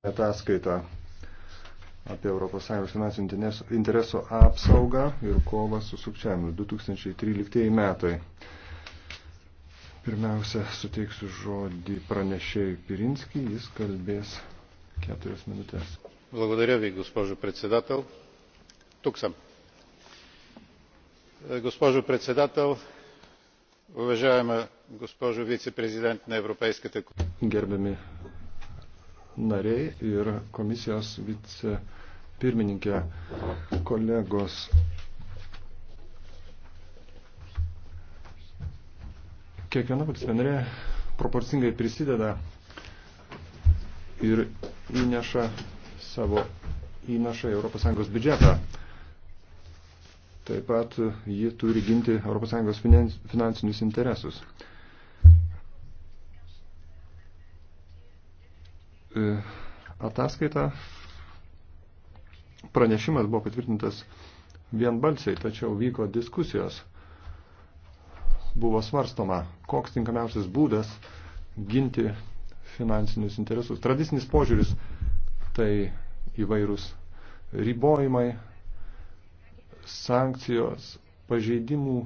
ataskaitą apie ES finansinių interesų apsaugą ir kovą su sukčiavimu 2013 metai. Pirmiausia, suteiksiu žodį pranešėjui Pirinskį, jis kalbės keturias minutės. Благодаря ви, госпожо председател. Тук съм. Госпожо председател, уважаема госпожо вице-президент на Европейската комисия. Gerbiami nariai ir komisijos vicepirmininkė kolegos. Kiekviena valstybė narė proporcingai prisideda ir įneša savo įnašą į ES biudžetą. Taip pat ji turi ginti ES finansinius interesus. E, ataskaita. Pranešimas buvo patvirtintas vienbalsiai, tačiau vyko diskusijos. Buvo svarstoma, koks tinkamiausias būdas ginti finansinius interesus. Tradicinis požiūris tai įvairūs ribojimai, sankcijos, pažeidimų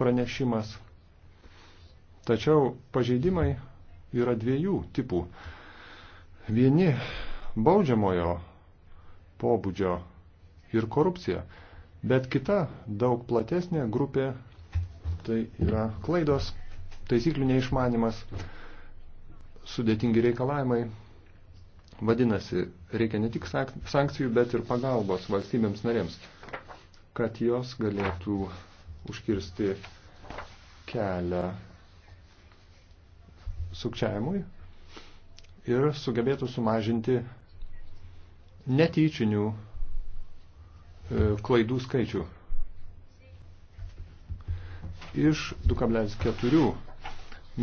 pranešimas. Tačiau pažeidimai yra dviejų tipų vieni baudžiamojo pobūdžio ir korupcija, bet kita daug platesnė grupė tai yra klaidos, taisyklių neišmanimas, sudėtingi reikalavimai. Vadinasi, reikia ne tik sankcijų, bet ir pagalbos valstybėms narėms, kad jos galėtų užkirsti kelią sukčiavimui ir sugebėtų sumažinti netyčinių e, klaidų skaičių. Iš 2,4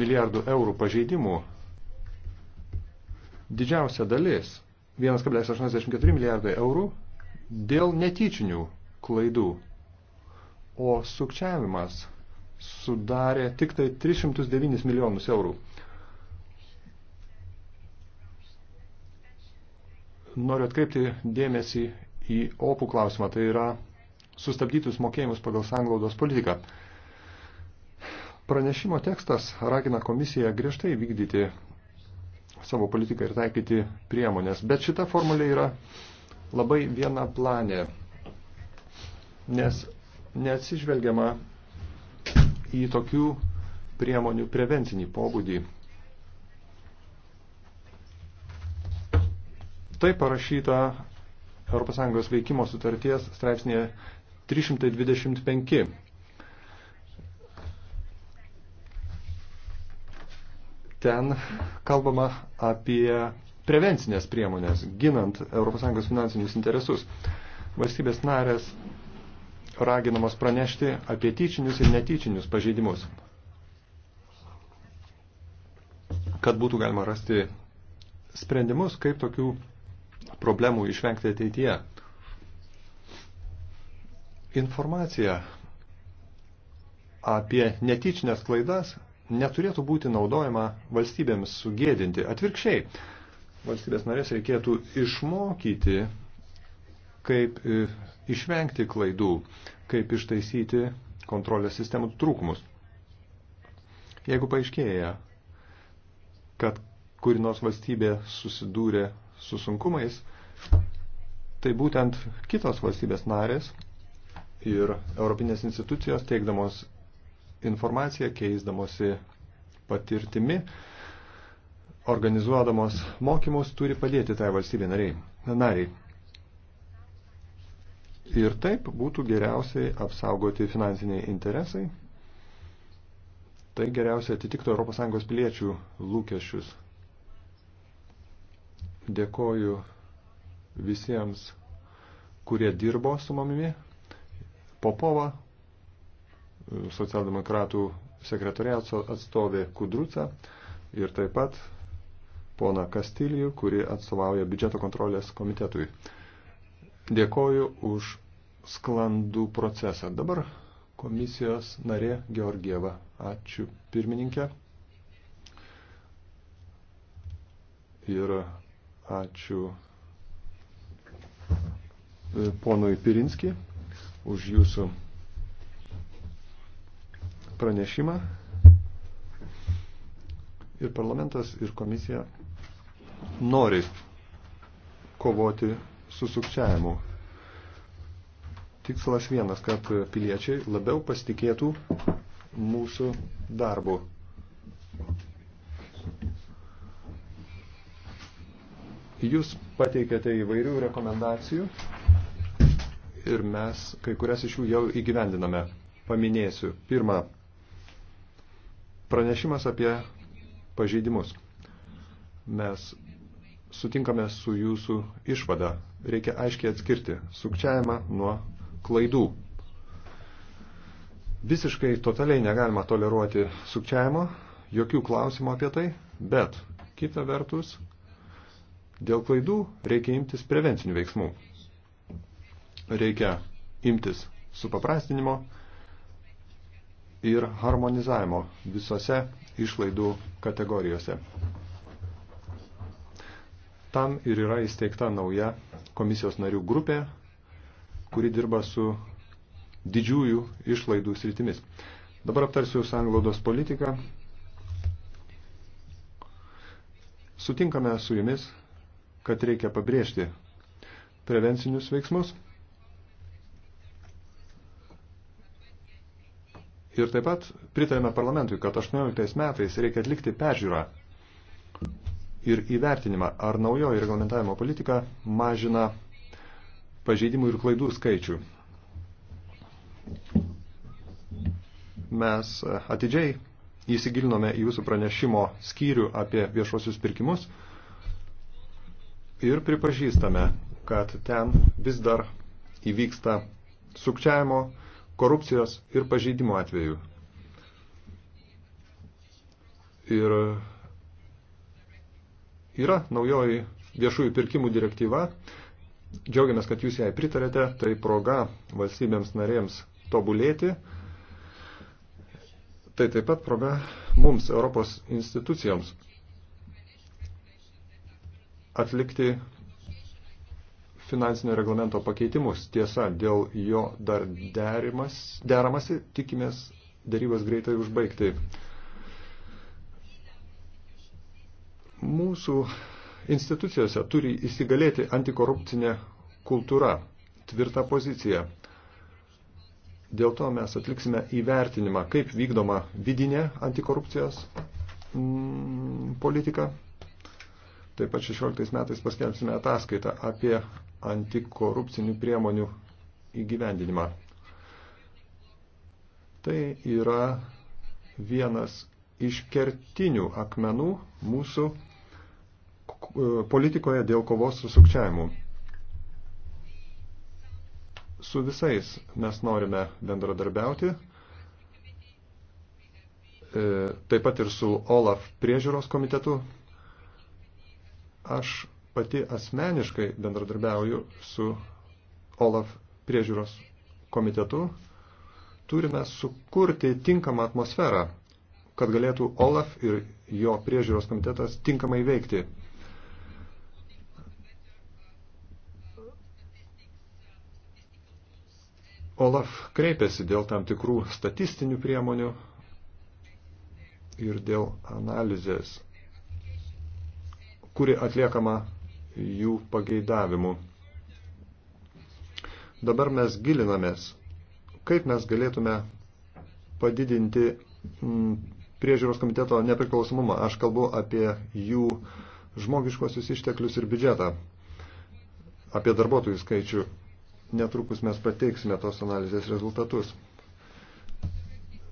milijardų eurų pažeidimų didžiausia dalis 1,84 milijardai eurų dėl netyčinių klaidų, o sukčiavimas sudarė tik tai 309 milijonus eurų. Noriu atkreipti dėmesį į opų klausimą, tai yra sustabdytus mokėjimus pagal sanglaudos politiką. Pranešimo tekstas ragina komisiją griežtai vykdyti savo politiką ir taikyti priemonės, bet šita formulė yra labai viena planė, nes neatsižvelgiama į tokių priemonių prevencinį pobūdį Tai parašyta ES veikimo sutarties straipsnėje 325. Ten kalbama apie prevencinės priemonės, ginant ES finansinius interesus. Valstybės narės raginamos pranešti apie tyčinius ir netyčinius pažeidimus, kad būtų galima rasti sprendimus, kaip tokių problemų išvengti ateityje. Informacija apie netyčinės klaidas neturėtų būti naudojama valstybėms sugėdinti. Atvirkščiai, valstybės narės reikėtų išmokyti, kaip e, išvengti klaidų, kaip ištaisyti kontrolės sistemų trūkumus. Jeigu paaiškėja, kad kuri nors valstybė susidūrė su sunkumais, tai būtent kitos valstybės narės ir Europinės institucijos teikdamos informaciją, keisdamosi patirtimi, organizuodamos mokymus turi padėti tai valstybė nariai. nariai. Ir taip būtų geriausiai apsaugoti finansiniai interesai. Tai geriausiai atitiktų ES piliečių lūkesčius. Dėkoju visiems, kurie dirbo su mamimi. Popova, socialdemokratų sekretoriato atstovė Kudruca ir taip pat pona Kastilijų, kuri atstovauja biudžeto kontrolės komitetui. Dėkoju už sklandų procesą. Dabar komisijos narė Georgieva. Ačiū pirmininkė. Ir Ačiū e, ponui Pirinski už jūsų pranešimą. Ir parlamentas, ir komisija nori kovoti su sukčiavimu. Tikslas vienas, kad piliečiai labiau pasitikėtų mūsų darbu. Jūs pateikėte įvairių rekomendacijų ir mes kai kurias iš jų jau įgyvendiname. Paminėsiu. Pirma, pranešimas apie pažeidimus. Mes sutinkame su jūsų išvada. Reikia aiškiai atskirti sukčiavimą nuo klaidų. Visiškai totaliai negalima toleruoti sukčiavimo, jokių klausimų apie tai, bet kita vertus Dėl klaidų reikia imtis prevencinių veiksmų. Reikia imtis supaprastinimo ir harmonizavimo visose išlaidų kategorijose. Tam ir yra įsteigta nauja komisijos narių grupė, kuri dirba su didžiųjų išlaidų sritimis. Dabar aptarsiu sanglaudos politiką. Sutinkame su jumis kad reikia pabrėžti prevencinius veiksmus. Ir taip pat pritarėme parlamentui, kad 18 metais reikia atlikti peržiūrą ir įvertinimą, ar naujoji reglamentavimo politika mažina pažeidimų ir klaidų skaičių. Mes atidžiai įsigilinome į jūsų pranešimo skyrių apie viešuosius pirkimus ir pripažįstame, kad ten vis dar įvyksta sukčiavimo, korupcijos ir pažeidimo atveju. Ir yra naujoji viešųjų pirkimų direktyva. Džiaugiamės, kad jūs jai pritarėte. Tai proga valstybėms narėms tobulėti. Tai taip pat proga mums, Europos institucijoms, atlikti finansinio reglamento pakeitimus. Tiesa, dėl jo dar derimas, deramasi, tikimės darybas greitai užbaigti. Mūsų institucijose turi įsigalėti antikorupcinė kultūra, tvirta pozicija. Dėl to mes atliksime įvertinimą, kaip vykdoma vidinė antikorupcijos mm, politika Taip pat 16 metais paskelbsime ataskaitą apie antikorupcinių priemonių įgyvendinimą. Tai yra vienas iš kertinių akmenų mūsų e, politikoje dėl kovos su sukčiavimu. Su visais mes norime bendradarbiauti, e, taip pat ir su OLAF priežiūros komitetu Aš pati asmeniškai bendradarbiauju su OLAF priežiūros komitetu. Turime sukurti tinkamą atmosferą, kad galėtų OLAF ir jo priežiūros komitetas tinkamai veikti. Olaf kreipėsi dėl tam tikrų statistinių priemonių ir dėl analizės kuri atliekama jų pageidavimu. Dabar mes gilinamės, kaip mes galėtume padidinti mm, priežiūros komiteto nepriklausomumą. Aš kalbu apie jų žmogiškosius išteklius ir biudžetą, apie darbuotojų skaičių. Netrukus mes pateiksime tos analizės rezultatus.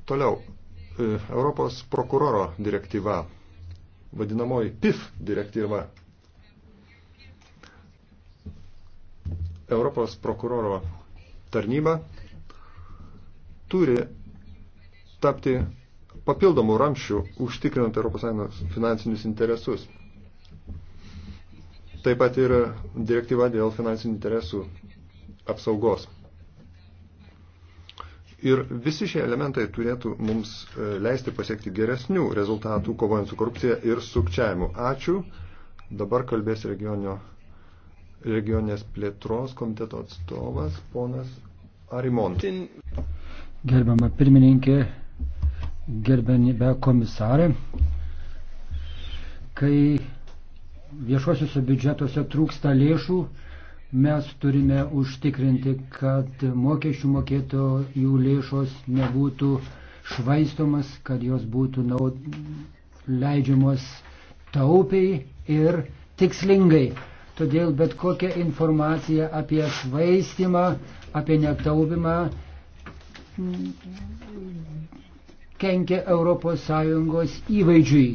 Toliau, e, Europos prokuroro direktyva vadinamoji PIF direktyva. Europos prokuroro tarnyba turi tapti papildomų ramščių užtikrinant ES finansinius interesus. Taip pat ir direktyva dėl finansinių interesų apsaugos. Ir visi šie elementai turėtų mums e, leisti pasiekti geresnių rezultatų kovojant su korupcija ir sukčiavimu. Ačiū. Dabar kalbės regionio, regionės plėtros komiteto atstovas ponas Arimon. Gerbiama pirmininkė, gerbiamybė komisarė, kai viešuosiuose biudžetuose trūksta lėšų, mes turime užtikrinti, kad mokesčių mokėtojų lėšos nebūtų švaistomas, kad jos būtų naud... leidžiamos taupiai ir tikslingai. Todėl bet kokia informacija apie švaistimą, apie netaupimą kenkia ES įvaizdžiui.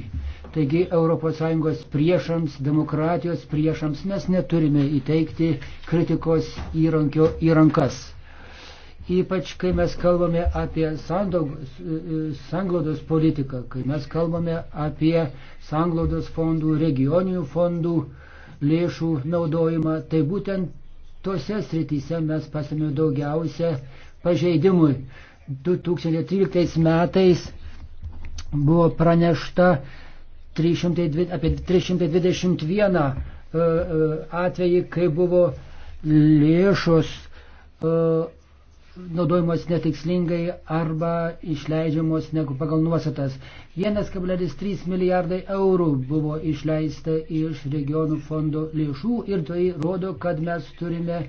Taigi ES priešams, demokratijos priešams mes neturime įteikti kritikos įrankio į rankas. Ypač kai mes kalbame apie sanglaudos politiką, kai mes kalbame apie sanglaudos fondų, regioninių fondų lėšų naudojimą, tai būtent tose srityse mes pasimėm daugiausia pažeidimui. 2013 metais buvo pranešta 300, apie 321 e, e, atvejį, kai buvo lėšos e, naudojamos netikslingai arba išleidžiamos negu pagal nuostatas. 1,3 milijardai eurų buvo išleista iš regionų fondo lėšų ir tai rodo, kad mes turime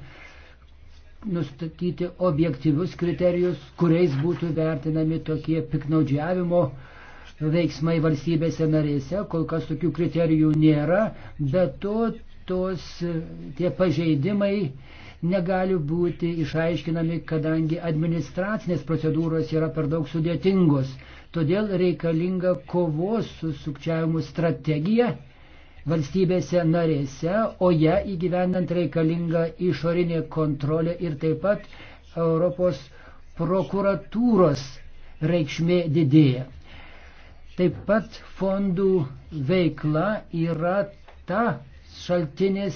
nustatyti objektyvius kriterijus, kuriais būtų vertinami tokie piknaudžiavimo uh, veiksmai valstybėse narėse, kol kas tokių kriterijų nėra, bet to tos, tie pažeidimai negali būti išaiškinami, kadangi administracinės procedūros yra per daug sudėtingos. Todėl reikalinga kovos su sukčiavimu strategija valstybėse narėse, o ją įgyvendant reikalinga išorinė kontrolė ir taip pat Europos prokuratūros reikšmė didėja. Taip pat fondų veikla yra ta šaltinis,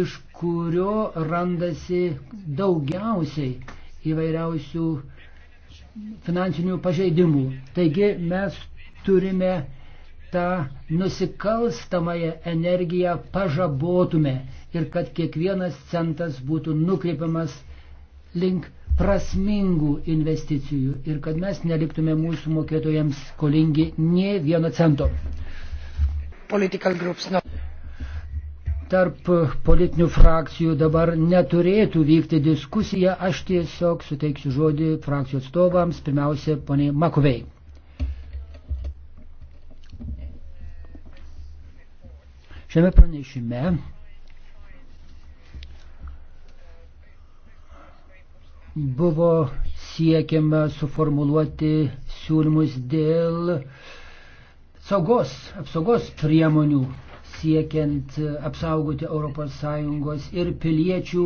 iš kurio randasi daugiausiai įvairiausių finansinių pažeidimų. Taigi mes turime tą nusikalstamąją energiją pažabotume ir kad kiekvienas centas būtų nukreipiamas link prasmingų investicijų ir kad mes neliktume mūsų mokėtojams skolingi nie vieno cento. Groups, no. Tarp politinių frakcijų dabar neturėtų vykti diskusija, aš tiesiog suteiksiu žodį frakcijų atstovams, pirmiausia, poniai Makovei. Šiame pranešime buvo siekiama suformuluoti siūlymus dėl saugos, apsaugos priemonių siekiant apsaugoti ES ir piliečių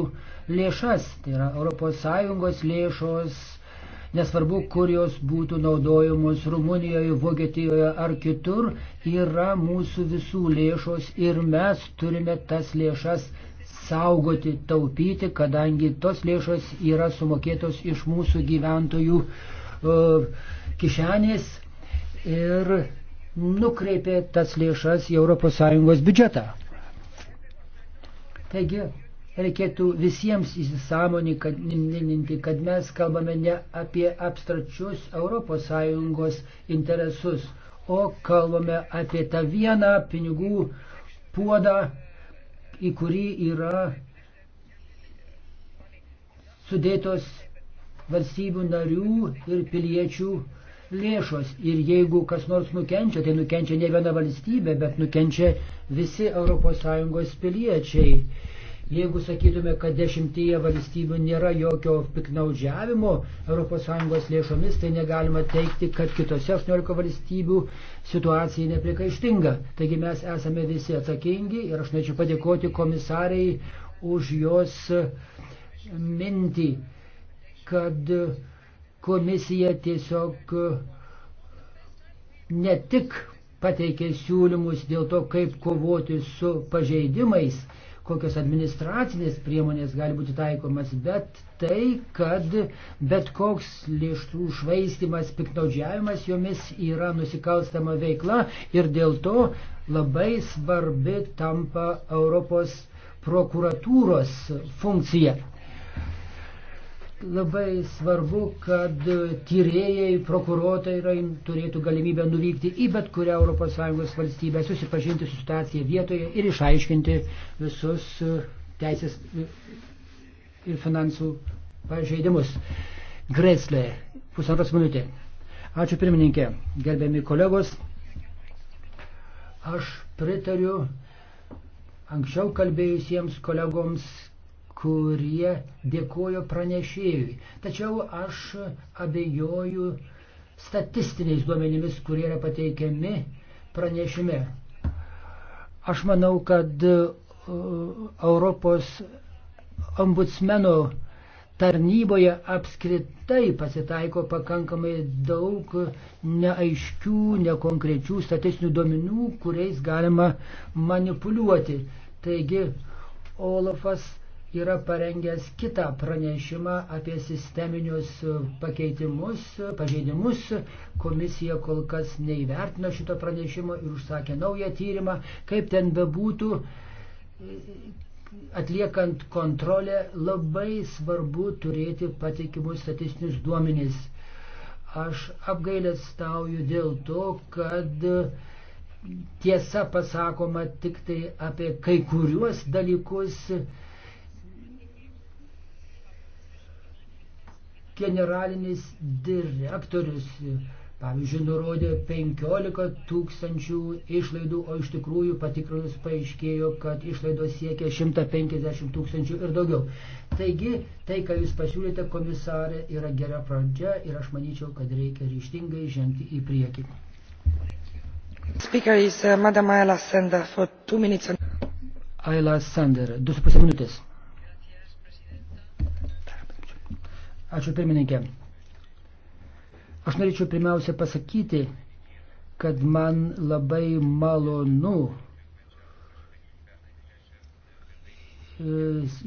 lėšas. Tai yra ES lėšos, nesvarbu, kur jos būtų naudojamos Rumunijoje, Vokietijoje ar kitur, yra mūsų visų lėšos ir mes turime tas lėšas saugoti, taupyti, kadangi tos lėšos yra sumokėtos iš mūsų gyventojų e, kišenės ir nukreipė tas lėšas į ES biudžetą. Taigi, reikėtų visiems įsisamoninti, kad mes kalbame ne apie abstrakčius ES interesus, o kalbame apie tą vieną pinigų puodą, į kurį yra sudėtos valstybių narių ir piliečių lėšos. Ir jeigu kas nors nukenčia, tai nukenčia ne viena valstybė, bet nukenčia visi ES piliečiai. Jeigu sakytume, kad dešimtyje valstybių nėra jokio piknaudžiavimo ES lėšomis, tai negalima teikti, kad kitose 18 valstybių situacija neprikaištinga. Taigi mes esame visi atsakingi ir aš norėčiau padėkoti komisariai už jos mintį, kad komisija tiesiog ne tik pateikė siūlymus dėl to, kaip kovoti su pažeidimais, kokios administracinės priemonės gali būti taikomas, bet tai, kad bet koks lėšų švaistimas, piknaudžiavimas jomis yra nusikalstama veikla ir dėl to labai svarbi tampa Europos prokuratūros funkcija. Labai svarbu, kad tyrėjai, prokurotojai turėtų galimybę nuvykti į bet kurią ES valstybę, susipažinti su situacija vietoje ir išaiškinti visus e, teisės e, ir finansų pažeidimus. Greslė, pusantros minutė. Ačiū pirmininkė, gerbiami kolegos. Aš pritariu anksčiau kalbėjusiems kolegoms kurie dėkojo pranešėjui. Tačiau aš abejoju statistiniais duomenimis, kurie yra pateikiami pranešime. Aš manau, kad e, Europos ombudsmeno tarnyboje apskritai pasitaiko pakankamai daug neaiškių, nekonkrečių statistinių duomenų, kuriais galima manipuliuoti. Taigi, Olafas yra parengęs kitą pranešimą apie sisteminius pakeitimus, pažeidimus. Komisija kol kas neįvertino šito pranešimo ir užsakė naują tyrimą. Kaip ten bebūtų, atliekant kontrolę, labai svarbu turėti patikimus statistinius duomenys. Aš apgailės stauju dėl to, kad tiesa pasakoma tik tai apie kai kuriuos dalykus, generalinis direktorius, pavyzdžiui, nurodė 15 tūkstančių išlaidų, o iš tikrųjų patikrinus paaiškėjo, kad išlaidos siekia 150 tūkstančių ir daugiau. Taigi, tai, ką jūs pasiūlėte, komisarė, yra gera pradžia ir aš manyčiau, kad reikia ryštingai žengti į priekį. Speaker is uh, Madam Ayala Sender for two minutes. Ayala Sender, 2,5 minutės. Ačiū pirmininkė. Aš norėčiau pirmiausia pasakyti, kad man labai malonu e,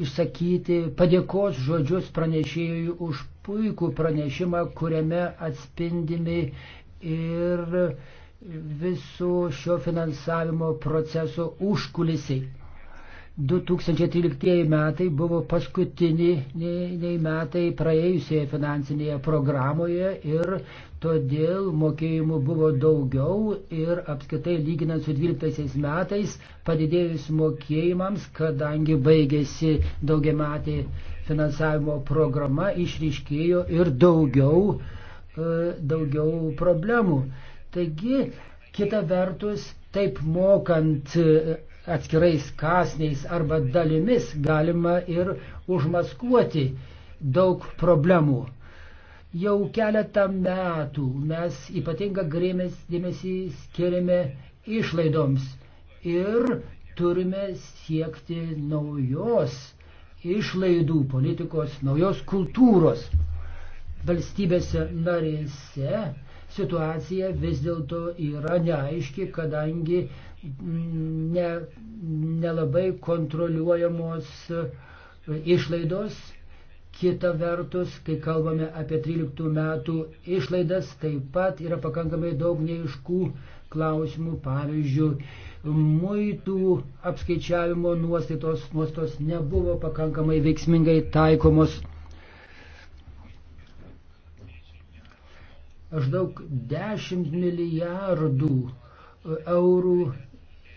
išsakyti padėkos žodžius pranešėjui už puikų pranešimą, kuriame atspindimi ir viso šio finansavimo proceso užkulisiai. 2013 metai buvo paskutiniai metai praėjusioje finansinėje programoje ir todėl mokėjimų buvo daugiau ir apskaitai lyginant su 12 metais padidėjus mokėjimams, kadangi baigėsi daugiamatė finansavimo programa, išryškėjo ir daugiau, e, daugiau problemų. Taigi, kita vertus, taip mokant atskirais kasniais arba dalimis galima ir užmaskuoti daug problemų. Jau keletą metų mes ypatingą dėmesį skiriame išlaidoms ir turime siekti naujos išlaidų politikos, naujos kultūros. Valstybėse narėse situacija vis dėlto yra neaiški, kadangi ne, nelabai kontroliuojamos išlaidos. Kita vertus, kai kalbame apie 13 metų išlaidas, taip pat yra pakankamai daug neiškų klausimų, pavyzdžiui, muitų apskaičiavimo nuostatos, nuostatos nebuvo pakankamai veiksmingai taikomos. Aš daug 10 milijardų eurų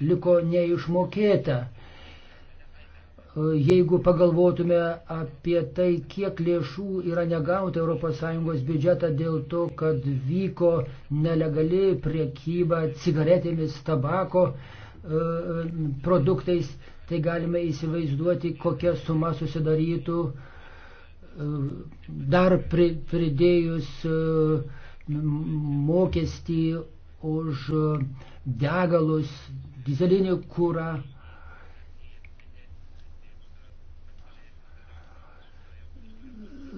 liko neišmokėta. E, jeigu pagalvotume apie tai, kiek lėšų yra negauta ES biudžetą dėl to, kad vyko nelegali priekyba cigaretėmis, tabako e, produktais, tai galime įsivaizduoti, kokia suma susidarytų e, dar pridėjus mokestį už degalus dizelinį kūrą.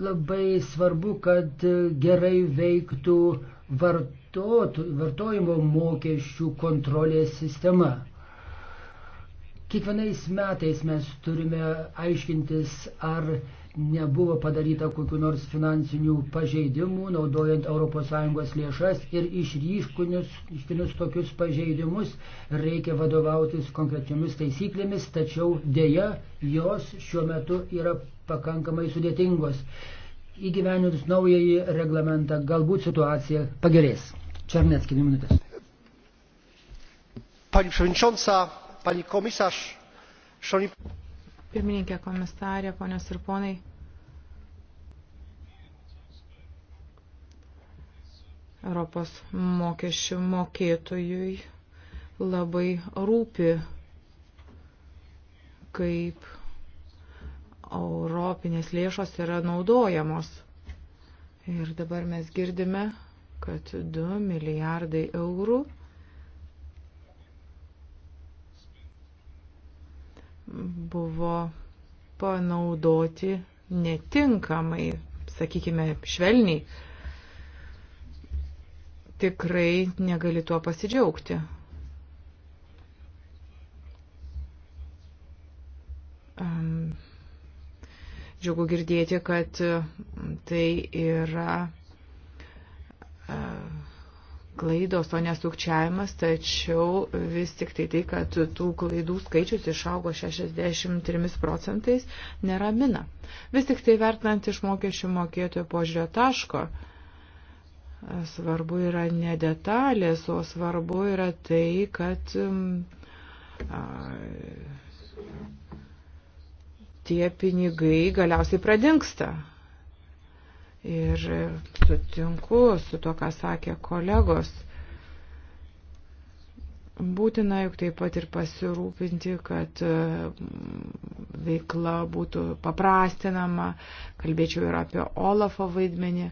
Labai svarbu, kad gerai veiktų vartotų, vartojimo mokesčių kontrolės sistema. Kiekvienais metais mes turime aiškintis, ar nebuvo padaryta kokiu nors finansinių pažeidimų, naudojant ES lėšas ir išryškinus tokius pažeidimus reikia vadovautis konkrečiomis taisyklėmis, tačiau dėja jos šiuo metu yra pakankamai sudėtingos. Įgyveninus naująjį reglamentą galbūt situacija pagerės. Černetski, dvi minutės. Pani Przewodnicząca, Pani Komisarz, Szanowni Pirmininkė komisarė, ponios ir ponai. Europos mokesčių mokėtojui labai rūpi, kaip europinės lėšos yra naudojamos. Ir dabar mes girdime, kad 2 milijardai eurų buvo panaudoti netinkamai, sakykime, švelniai. Tikrai negali tuo pasidžiaugti. Džiugu girdėti, kad tai yra klaidos, o nesukčiavimas, tačiau vis tik tai tai, kad tų klaidų skaičius išaugo 63 procentais, neramina. Vis tik tai vertinant iš mokesčių mokėtojų požiūrio taško, svarbu yra ne detalės, o svarbu yra tai, kad um, a, tie pinigai galiausiai pradingsta. Ir sutinku su to, ką sakė kolegos. Būtina juk taip pat ir pasirūpinti, kad mm, veikla būtų paprastinama. Kalbėčiau ir apie Olafo vaidmenį.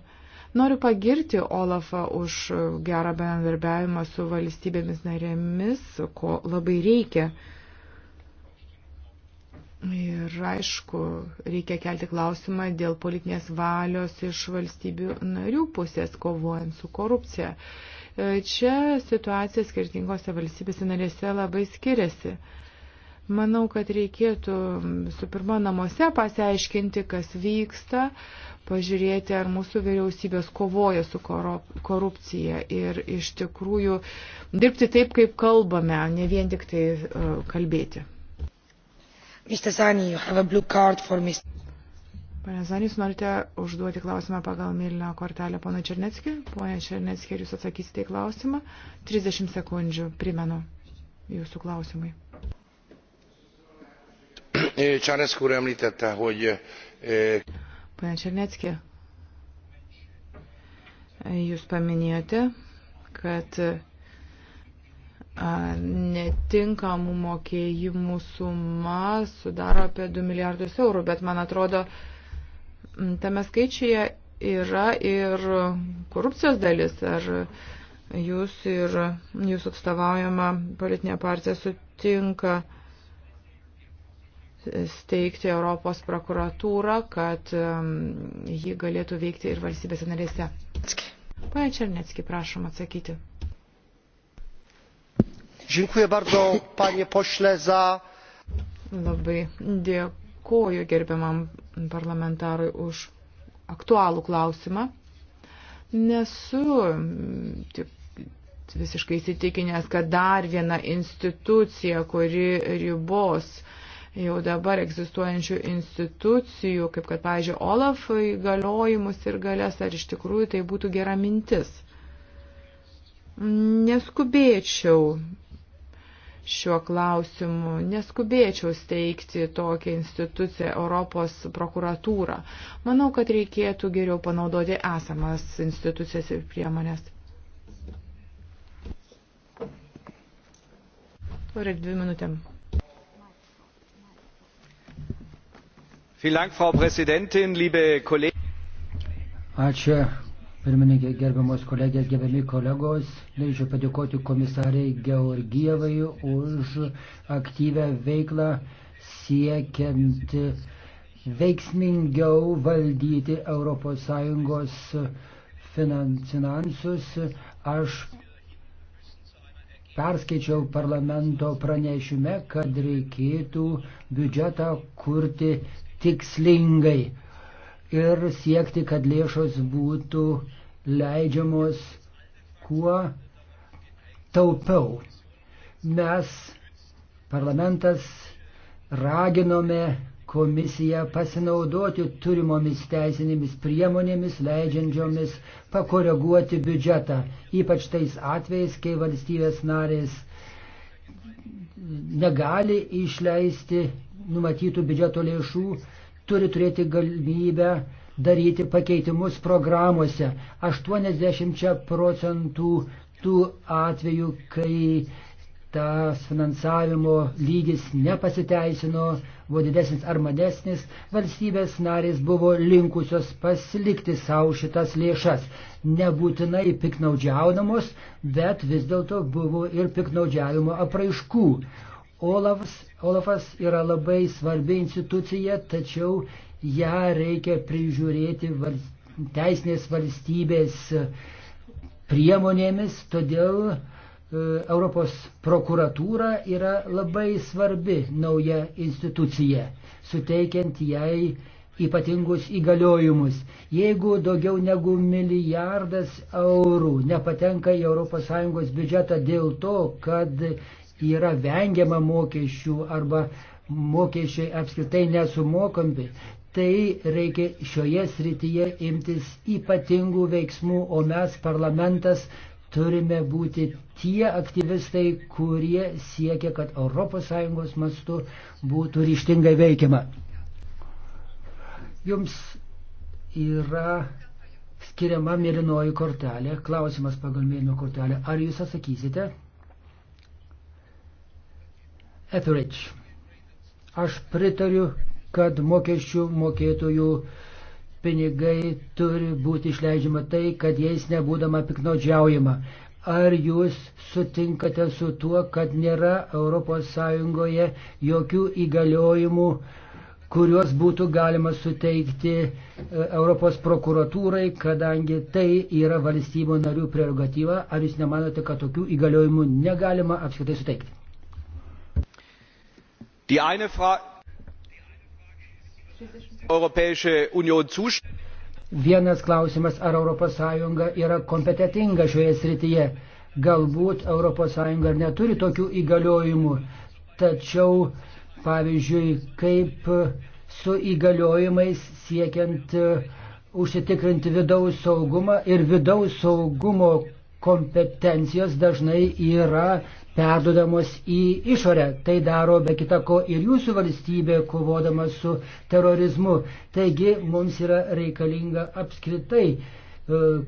Noriu pagirti Olafą už gerą bendarbiavimą su valstybėmis narėmis, ko labai reikia. Ir aišku, reikia kelti klausimą dėl politinės valios iš valstybių narių pusės kovojant su korupcija. E, čia situacija skirtingose valstybėse narėse labai skiriasi. Manau, kad reikėtų su pirma namuose pasiaiškinti, kas vyksta, pažiūrėti, ar mūsų vyriausybės kovoja su korupcija ir iš tikrųjų dirbti taip, kaip kalbame, ne vien tik tai e, kalbėti. Pane Zanys, norite užduoti klausimą pagal mylinę kortelę pono Černecki? Pone Černecki, ar jūs atsakysite į klausimą? 30 sekundžių, primenu, jūsų klausimai. Csánescu eh, úr említette, hogy... Eh, Pane Černecki, eh, jūs paminėjote, kad netinkamų mokėjimų suma sudaro apie 2 milijardus eurų, bet man atrodo, tame skaičiuje yra ir korupcijos dalis. Ar jūs ir jūsų atstovaujama politinė partija sutinka steigti Europos prokuratūrą, kad ji galėtų veikti ir valstybės narėse? Pane Černecki, prašom atsakyti dziękuję bardzo panie pośle za labai dėkoju gerbiamam parlamentarui už aktualų klausimą nesu mm, tik visiškai įsitikinęs kad dar viena institucija kuri ribos jau dabar egzistuojančių institucijų, kaip kad, pavyzdžiui, OLAF įgaliojimus ir galės, ar iš tikrųjų tai būtų gera mintis. Neskubėčiau šiuo klausimu. Neskubėčiau steigti tokią instituciją Europos prokuratūrą. Manau, kad reikėtų geriau panaudoti esamas institucijas ir priemonės. Ir dvi minutėm. Vielen Dank, Frau Präsidentin, liebe Kollegen. Ačiū, Pirmininkė, gerbiamos kolegės, gerbiami kolegos, norėčiau padėkoti komisariai Georgievai už aktyvę veiklą siekiant veiksmingiau valdyti ES finansus. Aš perskaičiau parlamento pranešime, kad reikėtų biudžetą kurti tikslingai ir siekti, kad lėšos būtų leidžiamos kuo taupiau. Mes, parlamentas, raginome komisiją pasinaudoti turimomis teisinėmis priemonėmis, leidžiančiomis pakoreguoti biudžetą, ypač tais atvejais, kai valstybės narės negali išleisti numatytų biudžeto lėšų turi turėti galimybę daryti pakeitimus programuose. 80 procentų tų atvejų, kai tas finansavimo lygis nepasiteisino, buvo didesnis ar madesnis, valstybės narės buvo linkusios pasilikti savo šitas lėšas. Nebūtinai piknaudžiaunamos, bet vis dėlto buvo ir piknaudžiavimo apraiškų. Olavas Olafas yra labai svarbi institucija, tačiau ją reikia prižiūrėti val... teisinės valstybės priemonėmis, todėl e, Europos prokuratūra yra labai svarbi nauja institucija, suteikiant jai ypatingus įgaliojimus. Jeigu daugiau negu milijardas eurų nepatenka į ES biudžetą dėl to, kad yra vengiama mokesčių arba mokesčiai apskritai nesumokami, tai reikia šioje srityje imtis ypatingų veiksmų, o mes parlamentas turime būti tie aktyvistai, kurie siekia, kad ES mastu būtų ryštingai veikiama. Jums yra skiriama mėlynoji kortelė, klausimas pagal mėlyno kortelę. Ar jūs atsakysite? Etheridge. Aš pritariu, kad mokesčių mokėtojų pinigai turi būti išleidžiama tai, kad jais nebūdama piknaudžiaujama. Ar jūs sutinkate su tuo, kad nėra ES jokių įgaliojimų, kuriuos būtų galima suteikti e, Europos prokuratūrai, kadangi tai yra valstybių narių prerogatyva? Ar jūs nemanote, kad tokių įgaliojimų negalima apskritai suteikti? die eine frage europäische union zuständig Vienas klausimas, ar ES yra kompetitinga šioje srityje. Galbūt ES ir neturi tokių įgaliojimų, tačiau, pavyzdžiui, kaip su įgaliojimais siekiant uh, užsitikrinti vidaus saugumą ir vidaus saugumo kompetencijos dažnai yra perdodamos į išorę. Tai daro be kita ko ir jūsų valstybė, kovodama su terorizmu. Taigi mums yra reikalinga apskritai e,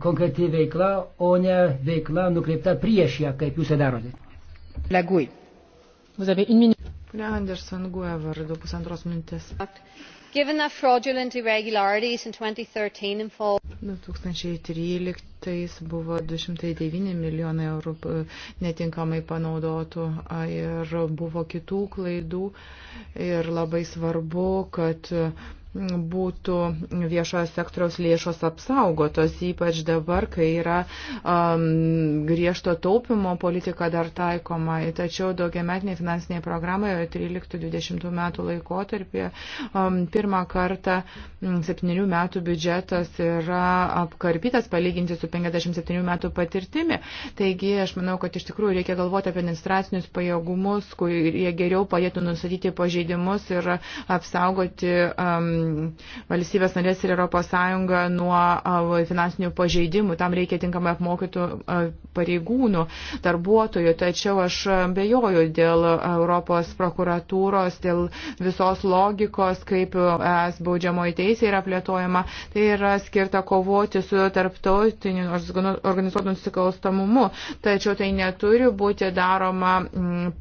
konkreti veikla, o ne veikla nukreipta prieš ją, kaip jūs darote. Legui. Vous avez une minute. Pone Anderson, Guevara, du pusantros minutės given that fraudulent irregularities in 2013 involved 2013 buvo 209 milijonai eurų netinkamai panaudotų ir buvo kitų klaidų ir labai svarbu, kad būtų viešojo sektoriaus lėšos apsaugotos, ypač dabar, kai yra um, griežto taupimo politika dar taikoma. Tačiau daugiametinė finansinė programa 13-20 metų laikotarpė um, pirmą kartą 7 metų biudžetas yra apkarpytas palyginti su 57 metų patirtimi. Taigi aš manau, kad iš tikrųjų reikia galvoti apie administracinius pajėgumus, kurie geriau padėtų nusatyti pažeidimus ir apsaugoti um, valstybės narės ir ES nuo finansinių pažeidimų. Tam reikia tinkamai apmokytų pareigūnų, darbuotojų. Tačiau aš bejoju dėl Europos prokuratūros, dėl visos logikos, kaip es baudžiamoji teisė yra plėtojama. Tai yra skirta kovoti su tarptautiniu organizuotų nusikalstamumu. Tačiau tai neturi būti daroma,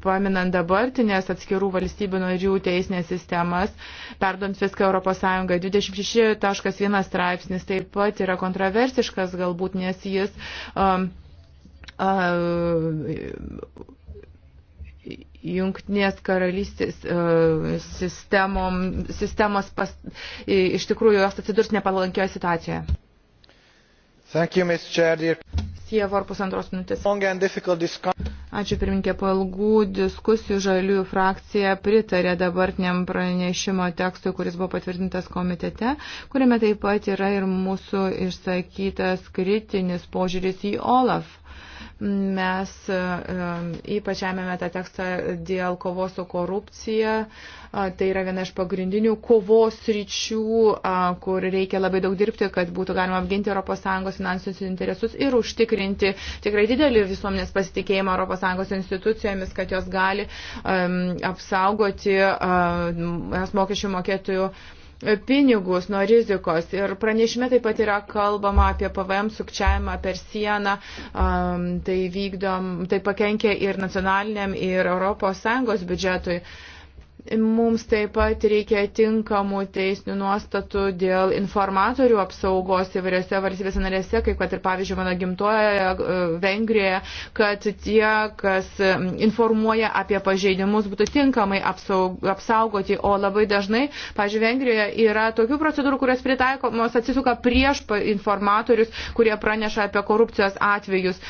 paminant dabartinės atskirų valstybių narių teisinės sistemas, perdant viską Europos. ES. 26.1 straipsnis taip pat yra kontroversiškas galbūt, nes jis um, uh, jungtinės karalystės uh, sistemom, sistemos pas, iš tikrųjų jos atsidurs nepalankioje situacijoje. Thank you, Ms. Chair. Dear... Sievar pusantros minutės. Ačiū pirminkė, po ilgų diskusijų žaliųjų frakcija pritarė dabartiniam pranešimo tekstui, kuris buvo patvirtintas komitete, kuriame taip pat yra ir mūsų išsakytas kritinis požiūris į OLAF. Mes ypač ėmėme tą tekstą dėl kovos su korupcija. Tai yra viena iš pagrindinių kovos ryčių, kur reikia labai daug dirbti, kad būtų galima apginti ES finansinius interesus ir užtikrinti tikrai didelį visuomenės pasitikėjimą ES institucijomis, kad jos gali apsaugoti mokesčių mokėtojų pinigus nuo rizikos. Ir pranešime taip pat yra kalbama apie PVM sukčiavimą per sieną, um, tai, vykdom, tai pakenkia ir nacionaliniam, ir ES biudžetui. Uh, Mums taip pat reikia tinkamų teisinių nuostatų dėl informatorių apsaugos įvairiose valstybėse narėse, kaip kad ir pavyzdžiui mano gimtojoje e, Vengrijoje, kad tie, kas informuoja apie pažeidimus, būtų tinkamai apsaugoti. O labai dažnai, pavyzdžiui, Vengrijoje yra tokių procedūrų, kurios pritaikomos atsisuka prieš informatorius, kurie praneša apie korupcijos atvejus.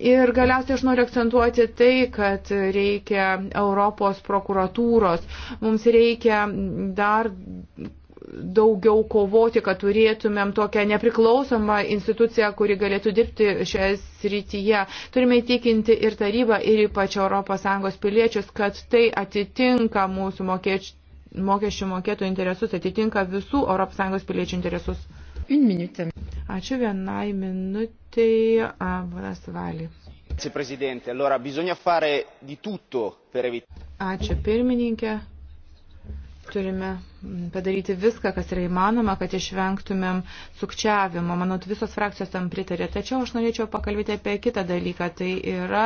Ir galiausiai aš noriu akcentuoti tai, kad reikia Europos prokuratūros rinkos. Mums reikia dar daugiau kovoti, kad turėtumėm tokią nepriklausomą instituciją, kuri galėtų dirbti šioje srityje. Turime įtikinti ir tarybą, ir ypač ES piliečius, kad tai atitinka mūsų mokėč... mokesčių mokėtų interesus, atitinka visų ES piliečių interesus. Ačiū vienai minutiai, Valas Valį. Ačiū pirmininkė. Turime padaryti viską, kas yra įmanoma, kad išvengtumėm sukčiavimo. Manau, visos frakcijos tam pritarė. Tačiau aš norėčiau pakalbėti apie kitą dalyką. Tai yra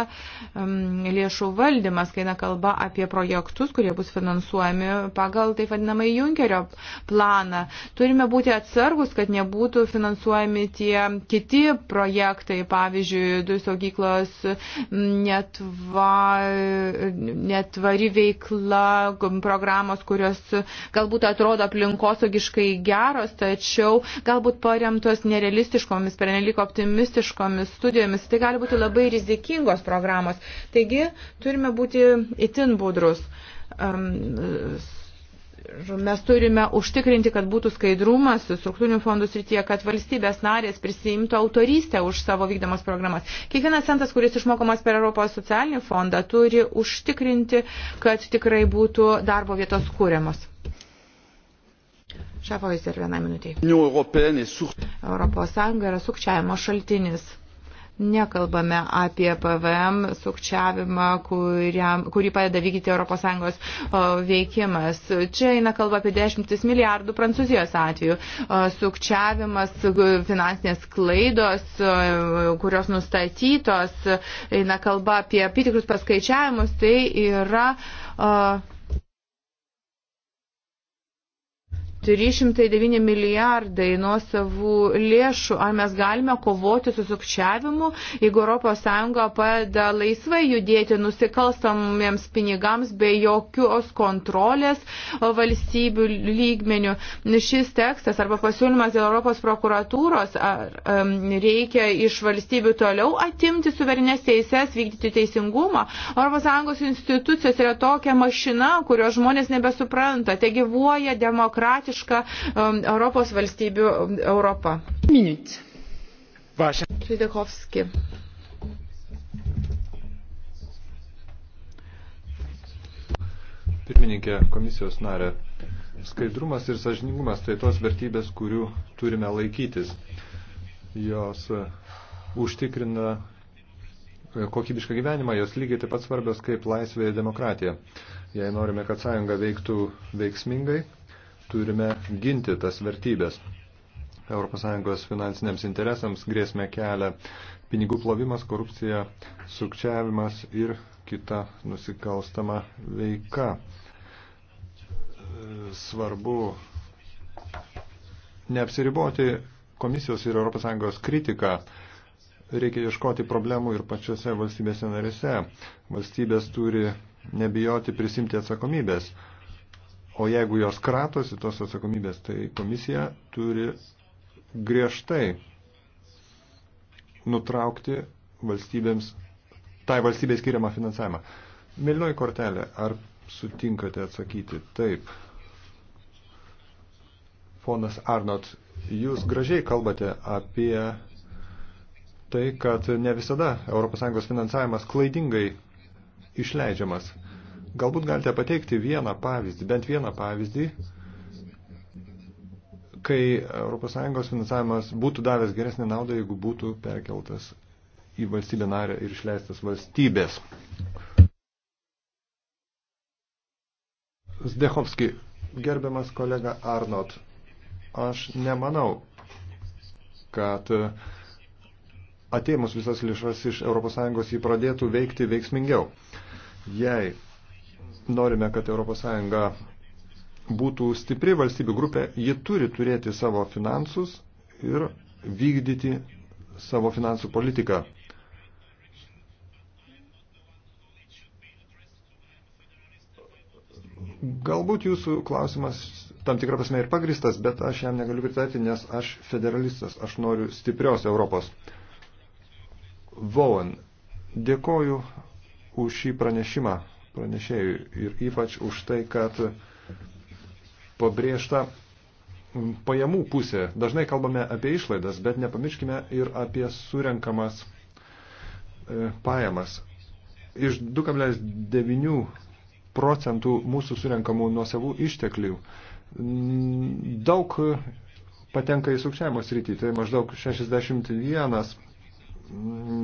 um, lėšų valdymas, kai eina kalba apie projektus, kurie bus finansuojami pagal taip vadinamą Junkerio planą. Turime būti atsargus, kad nebūtų finansuojami tie kiti projektai, pavyzdžiui, dujų saugyklos netva, netvari veikla, programos, kurios galbūt galbūt atrodo aplinkosaugiškai geros, tačiau galbūt paremtos nerealistiškomis, pernelik optimistiškomis studijomis. Tai gali būti labai rizikingos programos. Taigi turime būti itin budrus. Um, mes turime užtikrinti, kad būtų skaidrumas struktūrinių fondų srityje, kad valstybės narės prisimtų autorystę už savo vykdomas programas. Kiekvienas centas, kuris išmokomas per Europos socialinį fondą, turi užtikrinti, kad tikrai būtų darbo vietos kūriamos. Šapovais ir vieną minutį. Europos Sąjunga yra sukčiavimo šaltinis. Nekalbame apie PVM sukčiavimą, kuriam, kurį padeda vykdyti ES veikimas. Čia eina kalba apie dešimtis milijardų Prancūzijos atveju. Sukčiavimas, finansinės klaidos, kurios nustatytos, eina kalba apie apitikrus paskaičiavimus, tai yra. Uh, 409 milijardai nuo savų lėšų, ar mes galime kovoti su sukčiavimu, jeigu ES padeda laisvai judėti nusikalstamiems pinigams be jokios kontrolės valstybių lygmenių. Šis tekstas arba pasiūlymas dėl Europos prokuratūros ar, um, reikia iš valstybių toliau atimti suverenės teises, vykdyti teisingumą. ES institucijos yra tokia mašina, kurio žmonės nebesupranta. Te gyvuoja demokratiškai savarankiška um, Europos valstybių um, Europą. Minut. Švidekovski. Pirmininkė komisijos narė. Skaidrumas ir sažiningumas tai tos vertybės, kurių turime laikytis. Jos e, užtikrina e, kokybišką gyvenimą, jos lygiai taip pat svarbios kaip laisvė ir demokratija. Jei norime, kad sąjunga veiktų veiksmingai, turime ginti tas vertybės. ES finansiniams interesams grėsmė kelia pinigų plovimas, korupcija, sukčiavimas ir kita nusikalstama veika. Svarbu neapsiriboti komisijos ir ES kritiką. Reikia ieškoti problemų ir pačiose valstybėse narėse. Valstybės turi nebijoti prisimti atsakomybės O jeigu jos kratosi tos atsakomybės, tai komisija turi griežtai nutraukti valstybėms, tai valstybei skiriamą finansavimą. Mėlynoji kortelė, ar sutinkate atsakyti taip? Ponas Arnot, jūs gražiai kalbate apie tai, kad ne visada ES finansavimas klaidingai išleidžiamas. Galbūt galite pateikti vieną pavyzdį, bent vieną pavyzdį, kai ES finansavimas būtų davęs geresnį naudą, jeigu būtų perkeltas į valstybę narę ir išleistas valstybės. Zdechovski, gerbiamas kolega Arnot, aš nemanau, kad atėmus visas lišas iš ES jį pradėtų veikti veiksmingiau. Jei norime, kad ES būtų stipri valstybių grupė, ji turi turėti savo finansus ir vykdyti savo finansų politiką. Galbūt jūsų klausimas tam tikrą prasme ir pagristas, bet aš jam negaliu pritarti, nes aš federalistas, aš noriu stiprios Europos. Vaughan, dėkoju už šį pranešimą pranešėjui ir ypač už tai, kad pabrėžta pajamų pusė. Dažnai kalbame apie išlaidas, bet nepamirškime ir apie surenkamas e, pajamas. Iš 2,9 procentų mūsų surenkamų nuosavų išteklių daug patenka į sukčiavimo sritį, tai maždaug 61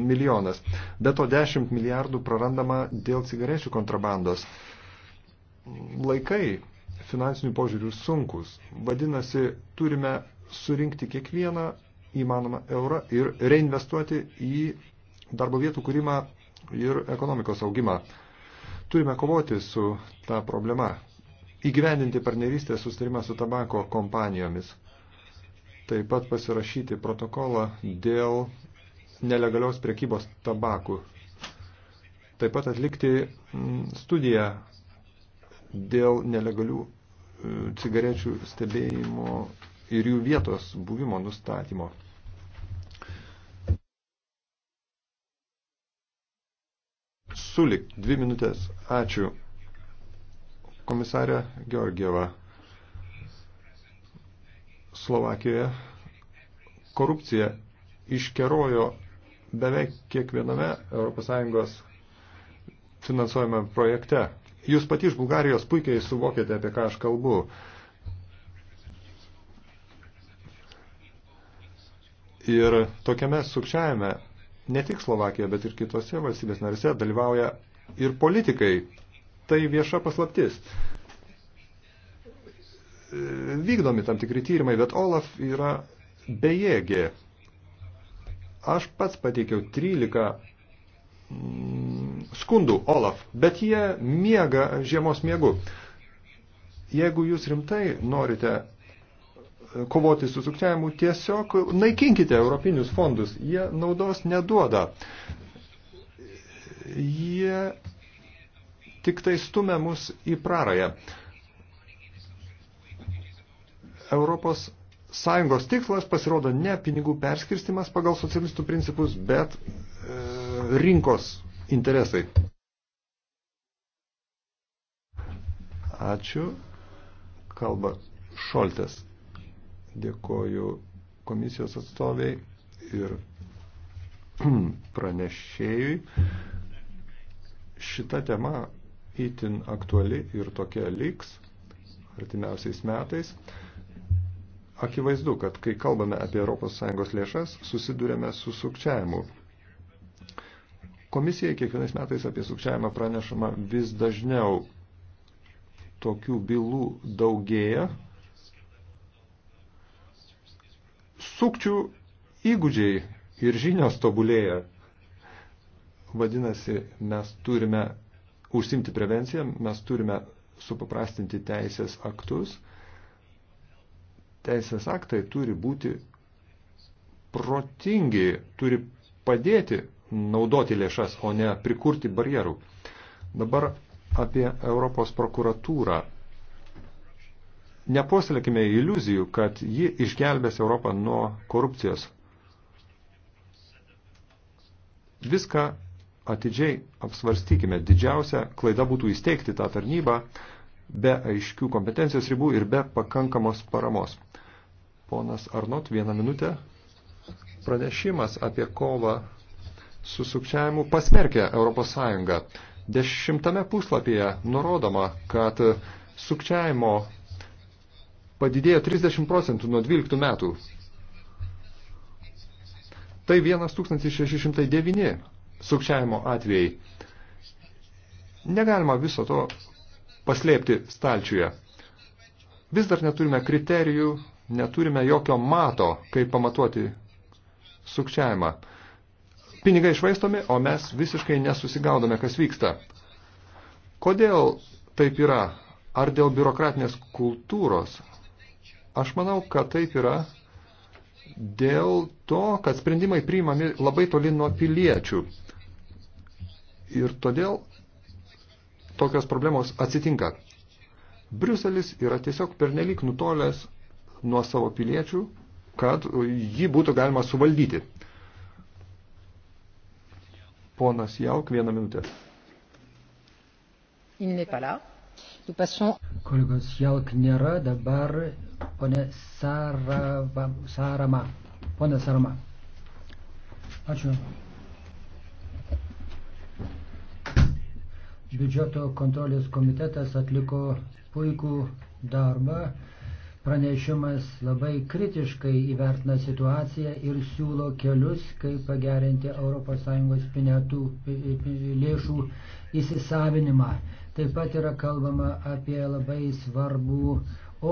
milijonas. Be to 10 milijardų prarandama dėl cigarečių kontrabandos. Laikai finansinių požiūrių sunkus. Vadinasi, turime surinkti kiekvieną įmanomą eurą ir reinvestuoti į darbo vietų kūrimą ir ekonomikos augimą. Turime kovoti su ta problema, įgyvendinti partnerystės sustarimą su tabako kompanijomis, taip pat pasirašyti protokolą dėl nelegalios prekybos tabakų. Taip pat atlikti mm, studiją dėl nelegalių e, cigarečių stebėjimo ir jų vietos buvimo nustatymo. Sulik, dvi minutės. Ačiū. Komisarė Georgieva. Slovakijoje korupcija iškerojo beveik kiekviename ES finansuojame projekte. Jūs pati iš Bulgarijos puikiai suvokėte, apie ką aš kalbu. Ir tokiame sukčiavime ne tik Slovakijoje, bet ir kitose valstybės narise dalyvauja ir politikai. Tai vieša paslaptis. Vykdomi tam tikri tyrimai, bet Olaf yra bejėgė Aš pats pateikiau 13 mm, skundų Olaf, bet jie miega žiemos miegu. Jeigu jūs rimtai norite e, kovoti su sukčiavimu, tiesiog naikinkite europinius fondus. Jie naudos neduoda. Jie tik tai stumia mus į prarąją. Europos sąjungos tikslas pasirodo ne pinigų perskirstimas pagal socialistų principus, bet e, rinkos interesai. Ačiū. Kalba Šoltės. Dėkoju komisijos atstoviai ir pranešėjui. Šita tema itin aktuali ir tokia liks artimiausiais metais. Akivaizdu, kad kai kalbame apie ES lėšas, susidurėme su sukčiavimu. Komisijai kiekvienais metais apie sukčiavimą pranešama vis dažniau. Tokių bylų daugėja. Sukčių įgūdžiai ir žinios tobulėja. Vadinasi, mes turime užsimti prevenciją, mes turime supaprastinti teisės aktus – teisės aktai turi būti protingi, turi padėti naudoti lėšas, o ne prikurti barjerų. Dabar apie Europos prokuratūrą. Nepuoselėkime iliuzijų, kad ji išgelbės Europą nuo korupcijos. Viską atidžiai apsvarstykime. Didžiausia klaida būtų įsteigti tą tarnybą be aiškių kompetencijos ribų ir be pakankamos paramos. Ponas Arnot, vieną minutę. Pranešimas apie kovą su sukčiavimu pasmerkė ES. Dešimtame puslapyje nurodoma, kad sukčiavimo padidėjo 30 procentų nuo 12 metų. Tai 1609 sukčiavimo atvejai. Negalima viso to paslėpti stalčiuje. Vis dar neturime kriterijų, neturime jokio mato, kaip pamatuoti sukčiavimą. Pinigai išvaistomi, o mes visiškai nesusigaudome, kas vyksta. Kodėl taip yra? Ar dėl biurokratinės kultūros? Aš manau, kad taip yra dėl to, kad sprendimai priimami labai toli nuo piliečių. Ir todėl tokios problemos atsitinka. Briuselis yra tiesiog pernelyg nutolęs nuo savo piliečių, kad jį būtų galima suvaldyti. Ponas Jauk, vieną minutę. Kolegos Jauk nėra, dabar ponė Sarava, Sarama. Ponė Sarama. Ačiū. Biudžeto kontrolės komitetas atliko puikų darbą pranešimas labai kritiškai įvertina situaciją ir siūlo kelius, kaip pagerinti ES pinėtų lėšų įsisavinimą. Taip pat yra kalbama apie labai svarbų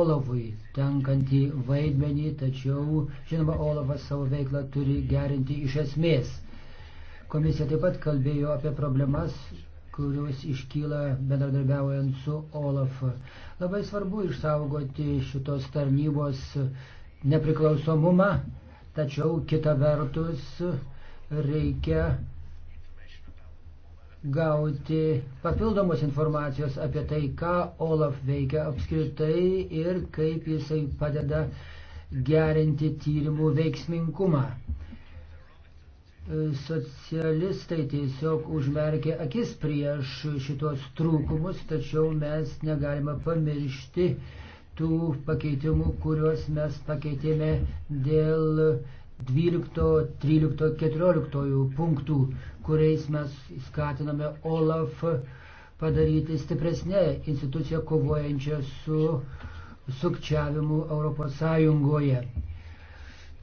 Olafui tenkantį vaidmenį, tačiau, žinoma, Olafas savo veiklą turi gerinti iš esmės. Komisija taip pat kalbėjo apie problemas, kurios iškyla bendradarbiaujant su OLAF. Labai svarbu išsaugoti šitos tarnybos nepriklausomumą, tačiau kita vertus reikia gauti papildomos informacijos apie tai, ką Olaf veikia apskritai ir kaip jisai padeda gerinti tyrimų veiksmingumą. Socialistai tiesiog užmerkė akis prieš šitos trūkumus, tačiau mes negalime pamiršti tų pakeitimų, kuriuos mes pakeitėme dėl 12, 13, 14 punktų, kuriais mes skatiname OLAF padaryti stipresnę instituciją kovojančią su sukčiavimu Europos Sąjungoje.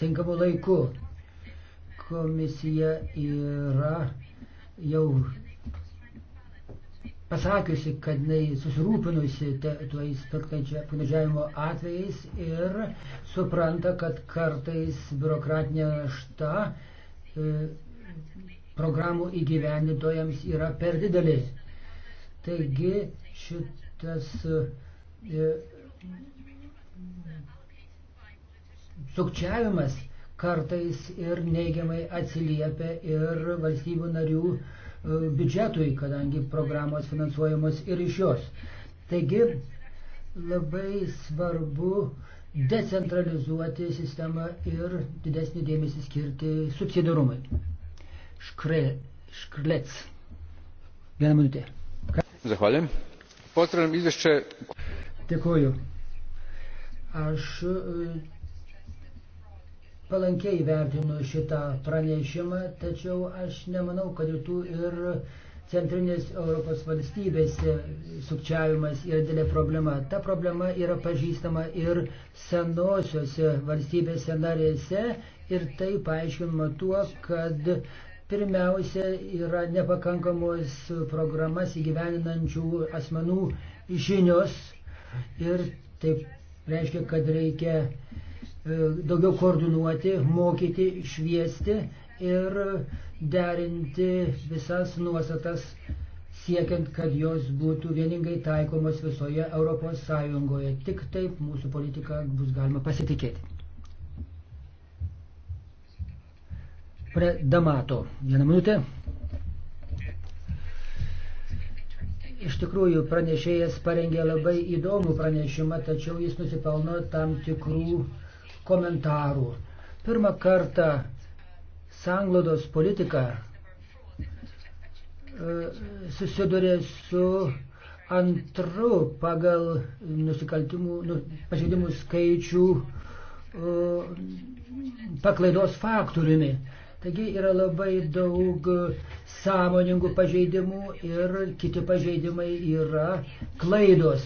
tinkamu laiku. Komisija yra jau pasakiusi, kad jinai susirūpinusi tuos piknaudžiavimo atvejais ir supranta, kad kartais biurokratinė našta e, programų įgyvendintojams yra per didelė. Taigi šitas e, sukčiavimas kartais ir neigiamai atsiliepia ir valstybių narių e, biudžetui, kadangi programos finansuojamos ir iš jos. Taigi labai svarbu decentralizuoti sistemą ir didesnį dėmesį skirti subsidarumui. Škre, škrlec. Vieną minutę. Ka... Zahvaljujem. Pozdravim izvješće. Dėkuoju. Aš e, palankiai vertinu šitą pranešimą, tačiau aš nemanau, kad rytų ir centrinės Europos valstybėse sukčiavimas yra didelė problema. Ta problema yra pažįstama ir senosiuose valstybėse narėse ir tai paaiškinama tuo, kad pirmiausia yra nepakankamos programas įgyveninančių asmenų žinios ir taip reiškia, kad reikia E, daugiau koordinuoti, mokyti, šviesti ir derinti visas nuostatas siekiant, kad jos būtų vieningai taikomos visoje Europos Sąjungoje. Tik taip mūsų politiką bus galima pasitikėti. Pre Damato. Vieną minutę. Iš tikrųjų, pranešėjas parengė labai įdomų pranešimą, tačiau jis nusipelno tam tikrų uh, komentarų. Pirmą kartą sanglodos politika e, susidurė su antru pagal nusikaltimų, nu, pažeidimų skaičių e, paklaidos faktoriumi. Taigi yra labai daug sąmoningų pažeidimų ir kiti pažeidimai yra klaidos.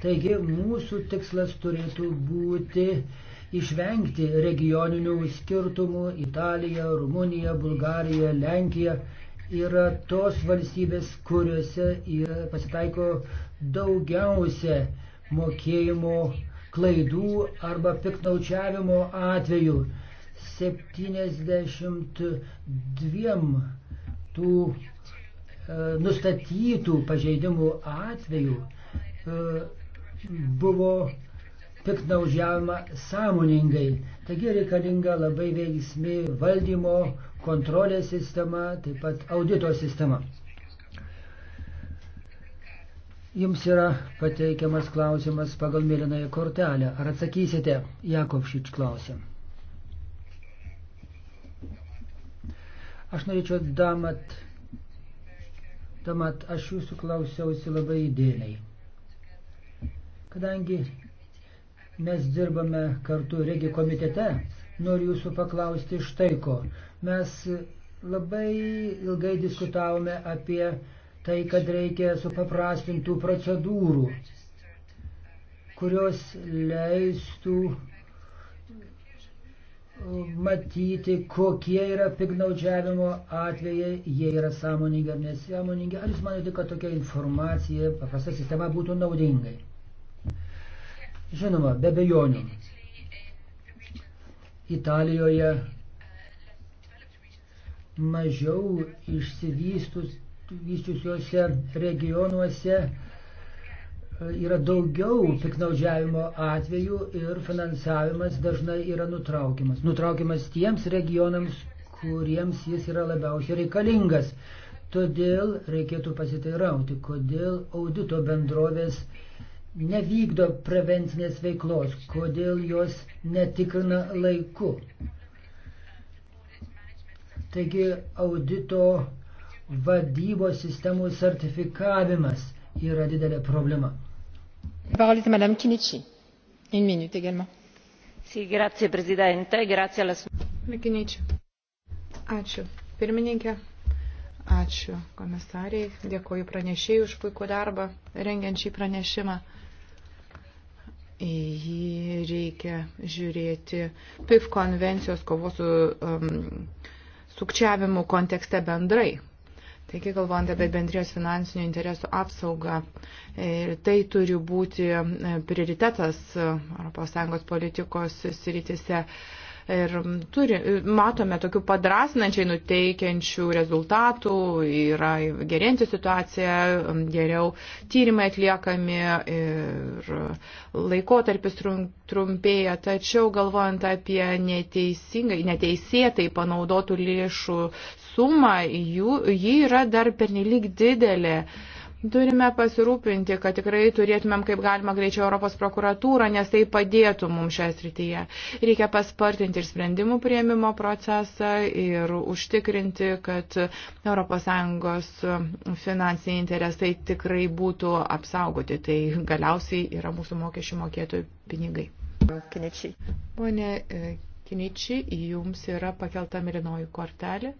Taigi mūsų tikslas turėtų būti uh, išvengti regioninių skirtumų Italija, Rumunija, Bulgarija, Lenkija yra tos valstybės, kuriuose yra, pasitaiko daugiausia mokėjimo klaidų arba piknaučiavimo atvejų. 72 tų e, nustatytų pažeidimų atvejų e, buvo piknaudžiavimą sąmoningai. Taigi reikalinga labai veiksmi valdymo, kontrolės sistema, taip pat audito sistema. Jums yra pateikiamas klausimas pagal mėlynąją kortelę. Ar atsakysite? Jakovšič klausė. Aš norėčiau damat, damat, aš jūsų klausiausi labai įdėliai. Kadangi Mes dirbame kartu Regi komitete. Noriu jūsų paklausti štai ko. Mes labai ilgai diskutavome apie tai, kad reikia supaprastintų procedūrų, kurios leistų uh, matyti, kokie yra piknaudžiavimo atvejai, jie yra sąmoningi ar nesąmoningi. Ar jūs manote, kad tokia informacija, paprasta sistema būtų naudingai? Žinoma, be bejonių. Italijoje mažiau išsivystusiuose regionuose e, yra daugiau piknaudžiavimo atvejų ir finansavimas dažnai yra nutraukiamas. Nutraukiamas tiems regionams, kuriems jis yra labiausiai reikalingas. Todėl reikėtų pasiteirauti, kodėl audito bendrovės uh, nevykdo prevencinės veiklos, kodėl jos netikrina laiku. Taigi audito vadybos sistemų sertifikavimas yra didelė problema. Ačiū pirmininkė, ačiū komisariai, dėkoju pranešėjai už puikų darbą rengiant šį pranešimą į jį reikia žiūrėti PIF konvencijos kovos su um, sukčiavimu kontekste bendrai. Taigi, galvojant apie bendrijos finansinių interesų apsaugą, ir tai turi būti prioritetas uh, ES politikos sritise. Uh, Ir mm, turi, matome tokių padrasinančiai nuteikiančių rezultatų, yra gerėjanti situacija, mm, geriau tyrimai atliekami ir laikotarpis trumpėja, tačiau galvojant apie neteisingai, neteisėtai panaudotų lėšų sumą, jų, ji yra dar pernelyg didelė. Turime pasirūpinti, kad tikrai turėtumėm kaip galima greičiau Europos prokuratūrą, nes tai padėtų mums šioje srityje. Reikia paspartinti ir sprendimų prieimimo procesą ir užtikrinti, kad ES finansiniai interesai tikrai būtų apsaugoti. Tai galiausiai yra mūsų mokesčių mokėtojų pinigai. Kiničiai. Pone e, Kiničiai, jums yra pakelta mirinoji kortelė.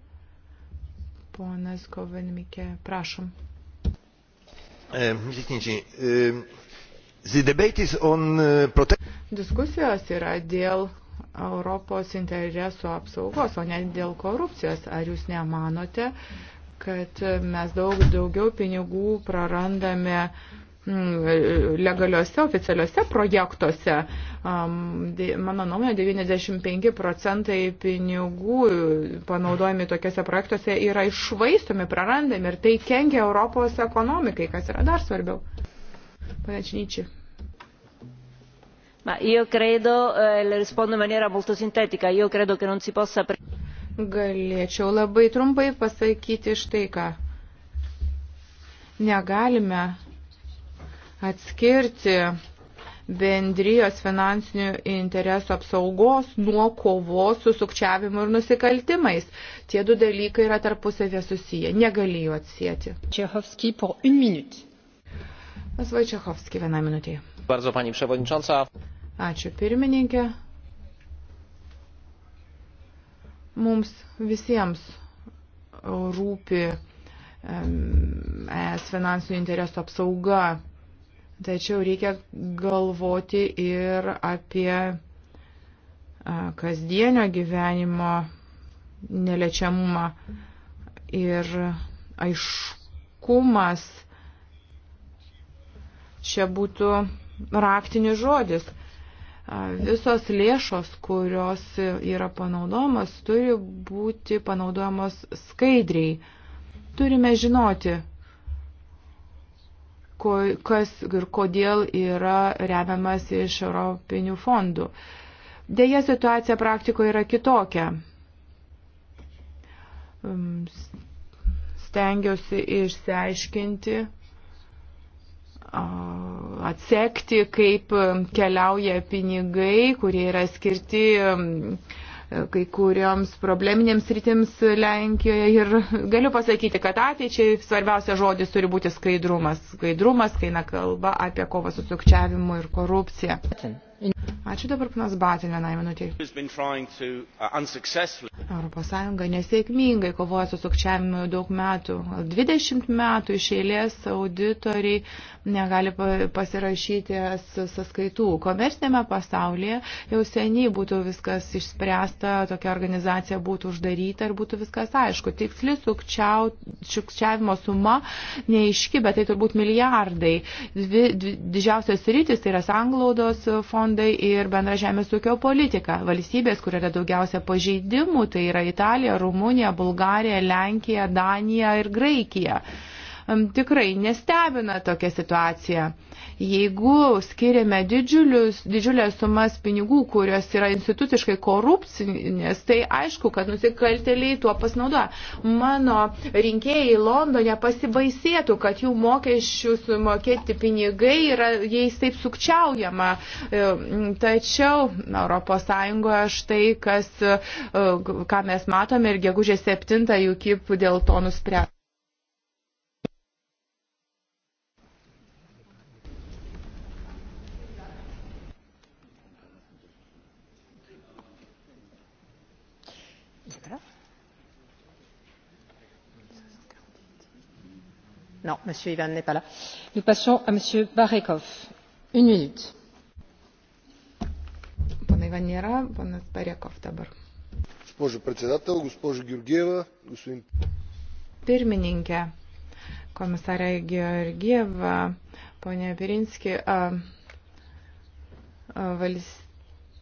Ponas Kovenmikė, prašom. Ehm, ehm, eh, Diskusijos yra dėl Europos interesų apsaugos, o ne dėl korupcijos. Ar jūs nemanote, kad mes daug daugiau pinigų prarandame uh, Mm, legaliuose, oficialiuose projektuose. Mano nuomonė, 95 procentai pinigų panaudojami tokiuose projektuose yra išvaistomi, prarandami ir tai kenkia Europos ekonomikai, kas yra dar svarbiau. Pane Činyčiai. Ma io credo, eh, le rispondo in maniera molto sintetica, io credo che non si possa... Galėčiau labai trumpai pasakyti štai ką. Negalime atskirti bendrijos finansinių interesų apsaugos nuo kovos su sukčiavimu ir nusikaltimais. Tie du dalykai yra tarpusavė susiję, negali jų atsijėti. Čehovski po 1 minut. Mes Vaičiachovski vieną minutį. Bardzo, pani przewodnicząca. Ačiū pirmininkė. Mums visiems rūpi es finansinių interesų apsauga Tačiau reikia galvoti ir apie kasdienio gyvenimo neliečiamumą ir aiškumas čia būtų raktinis žodis. Visos lėšos, kurios yra panaudomas, turi būti panaudojamos skaidriai. Turime žinoti, ko, kas ir kodėl yra remiamas iš europinių fondų. Deja, situacija praktikoje yra kitokia. Stengiuosi išsiaiškinti, atsekti, kaip keliauja pinigai, kurie yra skirti kai kurioms probleminėms rytims Lenkijoje ir galiu pasakyti, kad ateičiai svarbiausia žodis turi būti skaidrumas. Skaidrumas, kai na kalba apie kovą su sukčiavimu ir korupcija. Atin. Ačiū dabar, panas Batinė, na, minutė. Europos Sąjunga nesėkmingai kovoja su sukčiavimu jau daug metų. 20 metų iš eilės auditoriai negali pasirašyti sąskaitų. Komersinėme pasaulyje jau seniai būtų viskas išspręsta, tokia organizacija būtų uždaryta ir būtų viskas aišku. Tiksli sukčiavimo suma neiški, bet tai turbūt milijardai. Dvi, dvi, didžiausios rytis tai yra sanglaudos fondai fondai ir bendra žemės ūkio politika. Valstybės, kur yra daugiausia pažeidimų, tai yra Italija, Rumunija, Bulgarija, Lenkija, Danija ir Graikija. Uh, tikrai nestebina tokia situacija. Jeigu skiriame didžiulius, didžiulės sumas pinigų, kurios yra instituciškai korupcinės, tai aišku, kad nusikalteliai tuo pasinaudoja. Mano rinkėjai Londone pasibaisėtų, kad jų mokesčius mokėti pinigai yra jais taip sukčiaujama. E, tačiau ES štai, kas, e, ką mes matome ir gegužės 7 jų kip dėl to nuspręs. Non, Monsieur Ivan n'est pas là. Nous passons à Monsieur Barekov. Une minute. Pana Ivan nėra, panas Barekov dabar. Госпожо председател, госпожо Георгиева, господин... Pirmininkė, komisarė Georgieva, ponė Pirinski, valstybė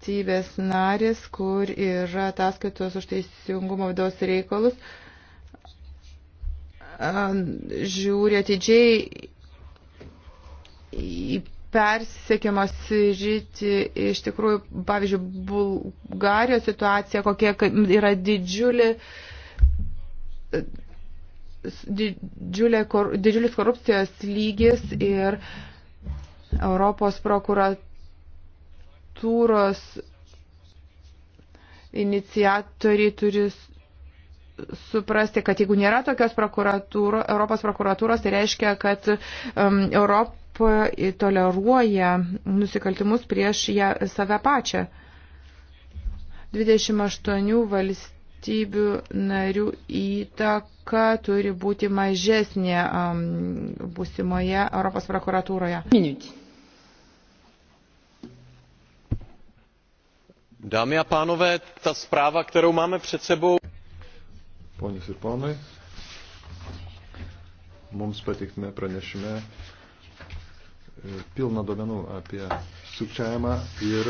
valstybės narės, kur yra ataskaitos už teisingumo vidaus reikalus, žiūri atidžiai į persekiamą sritį, iš tikrųjų, pavyzdžiui, Bulgarijos situacija, kokie yra didžiulė, didžiulė, didžiulis korupcijos lygis ir Europos prokuratūros iniciatoriai turi suprasti, kad jeigu nėra tokios prokuratūro, Europos prokuratūros, tai reiškia, kad um, Europa toleruoja nusikaltimus prieš ją, save pačią. 28 valstybių narių įtaka turi būti mažesnė um, būsimoje Europos prokuratūroje. Minutį. Dámy a pánové, ta zpráva, kterou máme před sebou ponius ir ponai. Mums pateiktume pranešime e, pilną domenų apie sukčiavimą ir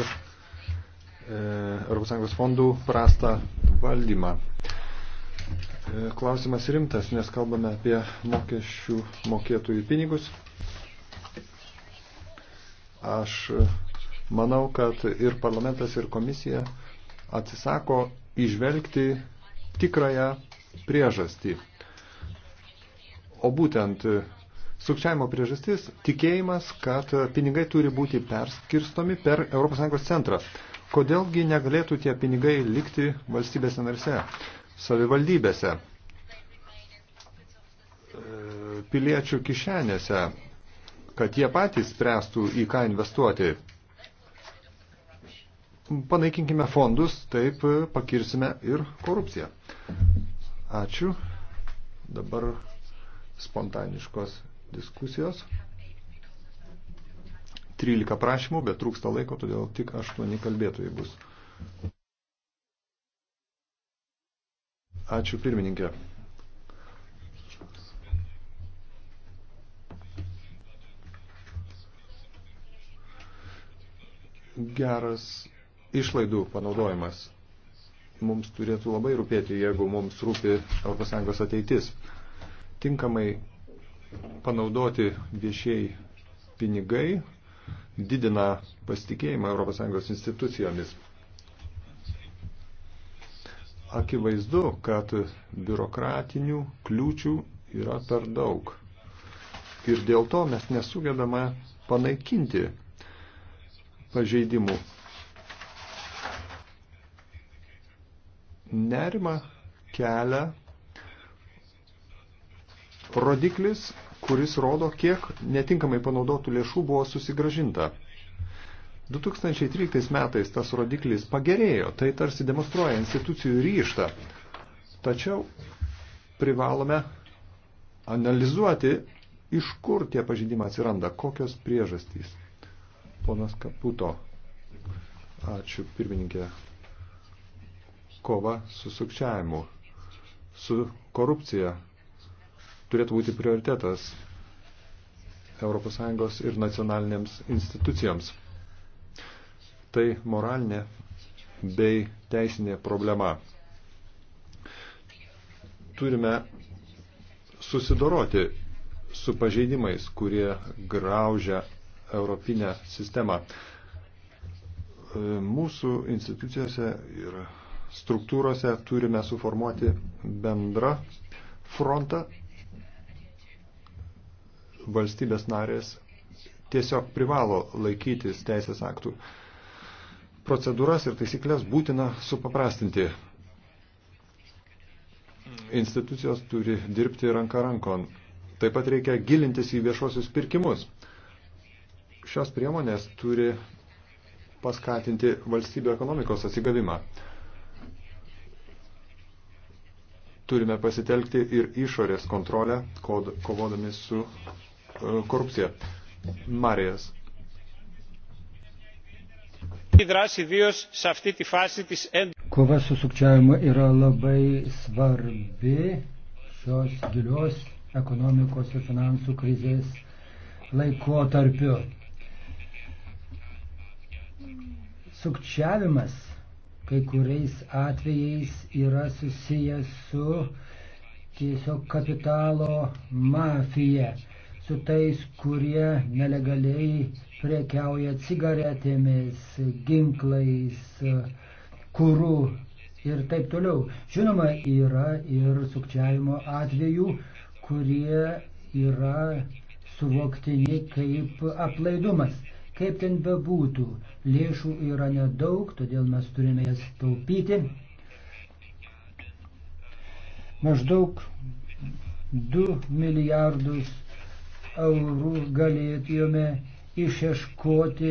e, ES fondų prastą valdymą. E, klausimas rimtas, nes kalbame apie mokesčių mokėtojų pinigus. Aš manau, kad ir parlamentas, ir komisija atsisako išvelgti tikrąją priežastį. O būtent sukčiavimo priežastis tikėjimas, kad pinigai turi būti perskirstomi per ES centrą. Kodėlgi negalėtų tie pinigai likti valstybėse narse, savivaldybėse, e, piliečių kišenėse, kad jie patys spręstų į ką investuoti. Panaikinkime fondus, taip pakirsime ir korupciją. Ačiū. Dabar spontaniškos diskusijos. 13 prašymų, bet trūksta laiko, todėl tik 8 kalbėtojai bus. Ačiū pirmininkė. Geras išlaidų panaudojimas mums turėtų labai rūpėti, jeigu mums rūpi ES ateitis. Tinkamai panaudoti viešiai pinigai didina pasitikėjimą ES institucijomis. Akivaizdu, kad biurokratinių kliūčių yra per daug. Ir dėl to mes nesugebame panaikinti pažeidimų Nerima kelia rodiklis, kuris rodo, kiek netinkamai panaudotų lėšų buvo susigražinta. 2013 metais tas rodiklis pagerėjo, tai tarsi demonstruoja institucijų ryštą. Tačiau privalome analizuoti, iš kur tie pažydimai atsiranda, kokios priežastys. Ponas Kaputo. Ačiū, pirmininkė kova su sukčiavimu, su korupcija turėtų būti prioritetas ES ir nacionalinėms institucijoms. Tai moralinė bei teisinė problema. Turime susidoroti su pažeidimais, kurie graužia europinę sistemą. Mūsų institucijose ir struktūrose turime suformuoti bendrą frontą. Valstybės narės tiesiog privalo laikytis teisės aktų. Procedūras ir taisyklės būtina supaprastinti. Institucijos turi dirbti ranka rankon. Taip pat reikia gilintis į viešuosius pirkimus. Šios priemonės turi paskatinti valstybių ekonomikos atsigavimą. Turime pasitelkti ir išorės kontrolę, kovodami su e, korupcija. Marijas. Kova su sukčiavimu yra labai svarbi šios gilios ekonomikos ir finansų krizės laikotarpiu. Sukčiavimas kai kuriais atvejais yra susijęs su tiesiog kapitalo mafija, su tais, kurie nelegaliai priekiauja cigaretėmis, ginklais, kūrų ir taip toliau. Žinoma, yra ir sukčiavimo atvejų, kurie yra suvoktini kaip aplaidumas. Kaip ten bebūtų, lėšų yra nedaug, todėl mes turime jas taupyti. Maždaug 2 milijardus eurų galėtume išieškoti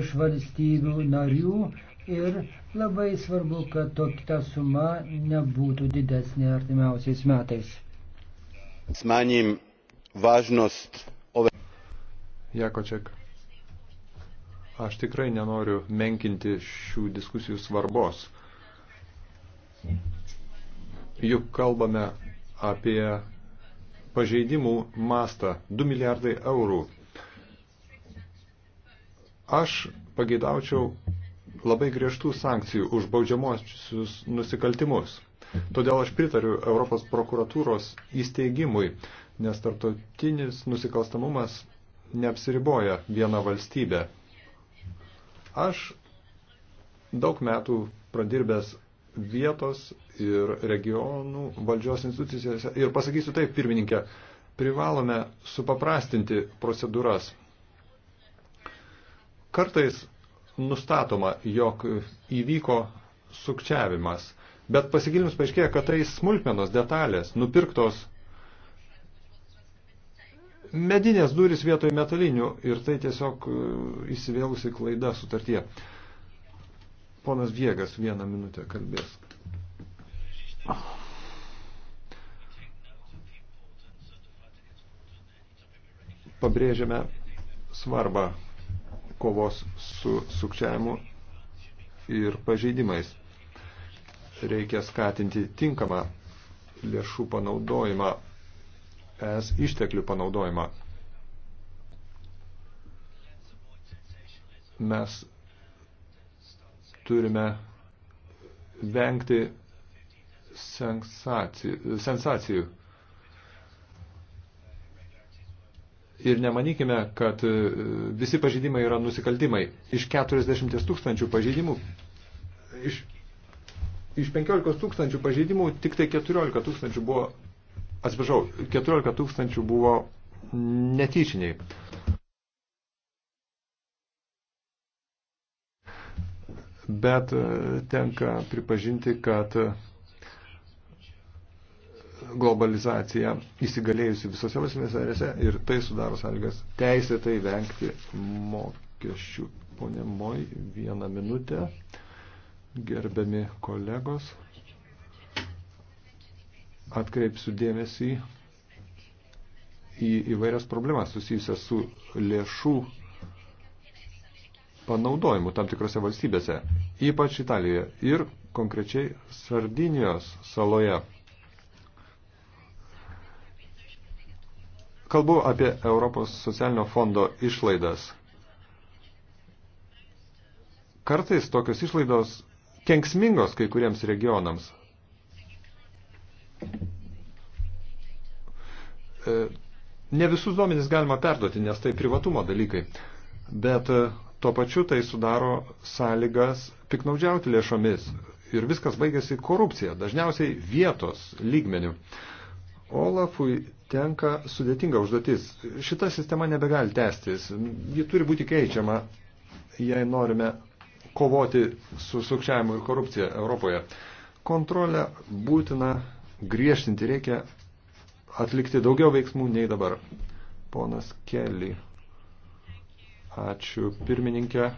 iš valstybių narių ir labai svarbu, kad tokia suma nebūtų didesnė artimiausiais metais. Smanim važnost ove... Jakoček. Aš tikrai nenoriu menkinti šių diskusijų svarbos. Juk kalbame apie pažeidimų mastą 2 milijardai eurų. Aš pageidaučiau labai griežtų sankcijų už baudžiamosius nusikaltimus. Todėl aš pritariu Europos prokuratūros įsteigimui, nes tartotinis nusikalstamumas neapsiriboja viena valstybė. Aš daug metų pradirbęs vietos ir regionų valdžios institucijose ir pasakysiu taip, pirmininkė, privalome supaprastinti procedūras. Kartais nustatoma, jog įvyko sukčiavimas, bet pasigilinus paaiškėja, kad tai smulkmenos detalės, nupirktos medinės durys vietoj metalinių ir tai tiesiog e, įsivėlusi klaida sutartie. Ponas Viegas vieną minutę kalbės. Pabrėžiame svarbą kovos su sukčiavimu ir pažeidimais. Reikia skatinti tinkamą lėšų panaudojimą es išteklių panaudojimą. Mes turime vengti sensacijų. sensacijų. Ir nemanykime, kad e, visi pažydimai yra nusikaltimai. Iš 40 tūkstančių pažydimų, iš, iš 15 tūkstančių pažydimų tik tai 14 tūkstančių buvo atsiprašau, 14 tūkstančių buvo netyčiniai. Bet e, tenka pripažinti, kad globalizacija įsigalėjusi visose valstybės narėse ir tai sudaro sąlygas teisėtai vengti mokesčių. Pone Moj, vieną minutę. Gerbiami kolegos atkreipsiu dėmesį į įvairias problemas susijusias su lėšų panaudojimu tam tikrose valstybėse, ypač Italijoje ir konkrečiai Sardinijos saloje. Kalbu apie Europos socialinio fondo išlaidas. Kartais tokios išlaidos kenksmingos kai kuriems regionams. E, ne visus duomenys galima perduoti, nes tai privatumo dalykai, bet e, tuo pačiu tai sudaro sąlygas piknaudžiauti lėšomis ir viskas baigėsi korupcija, dažniausiai vietos lygmenių. Olafui tenka sudėtinga užduotis. Šita sistema nebegali tęstis. Ji turi būti keičiama, jei norime kovoti su sukčiavimu ir korupcija Europoje. Kontrolę būtina griežtinti, reikia atlikti daugiau veiksmų nei dabar. Ponas Kelly. Ačiū pirmininkė.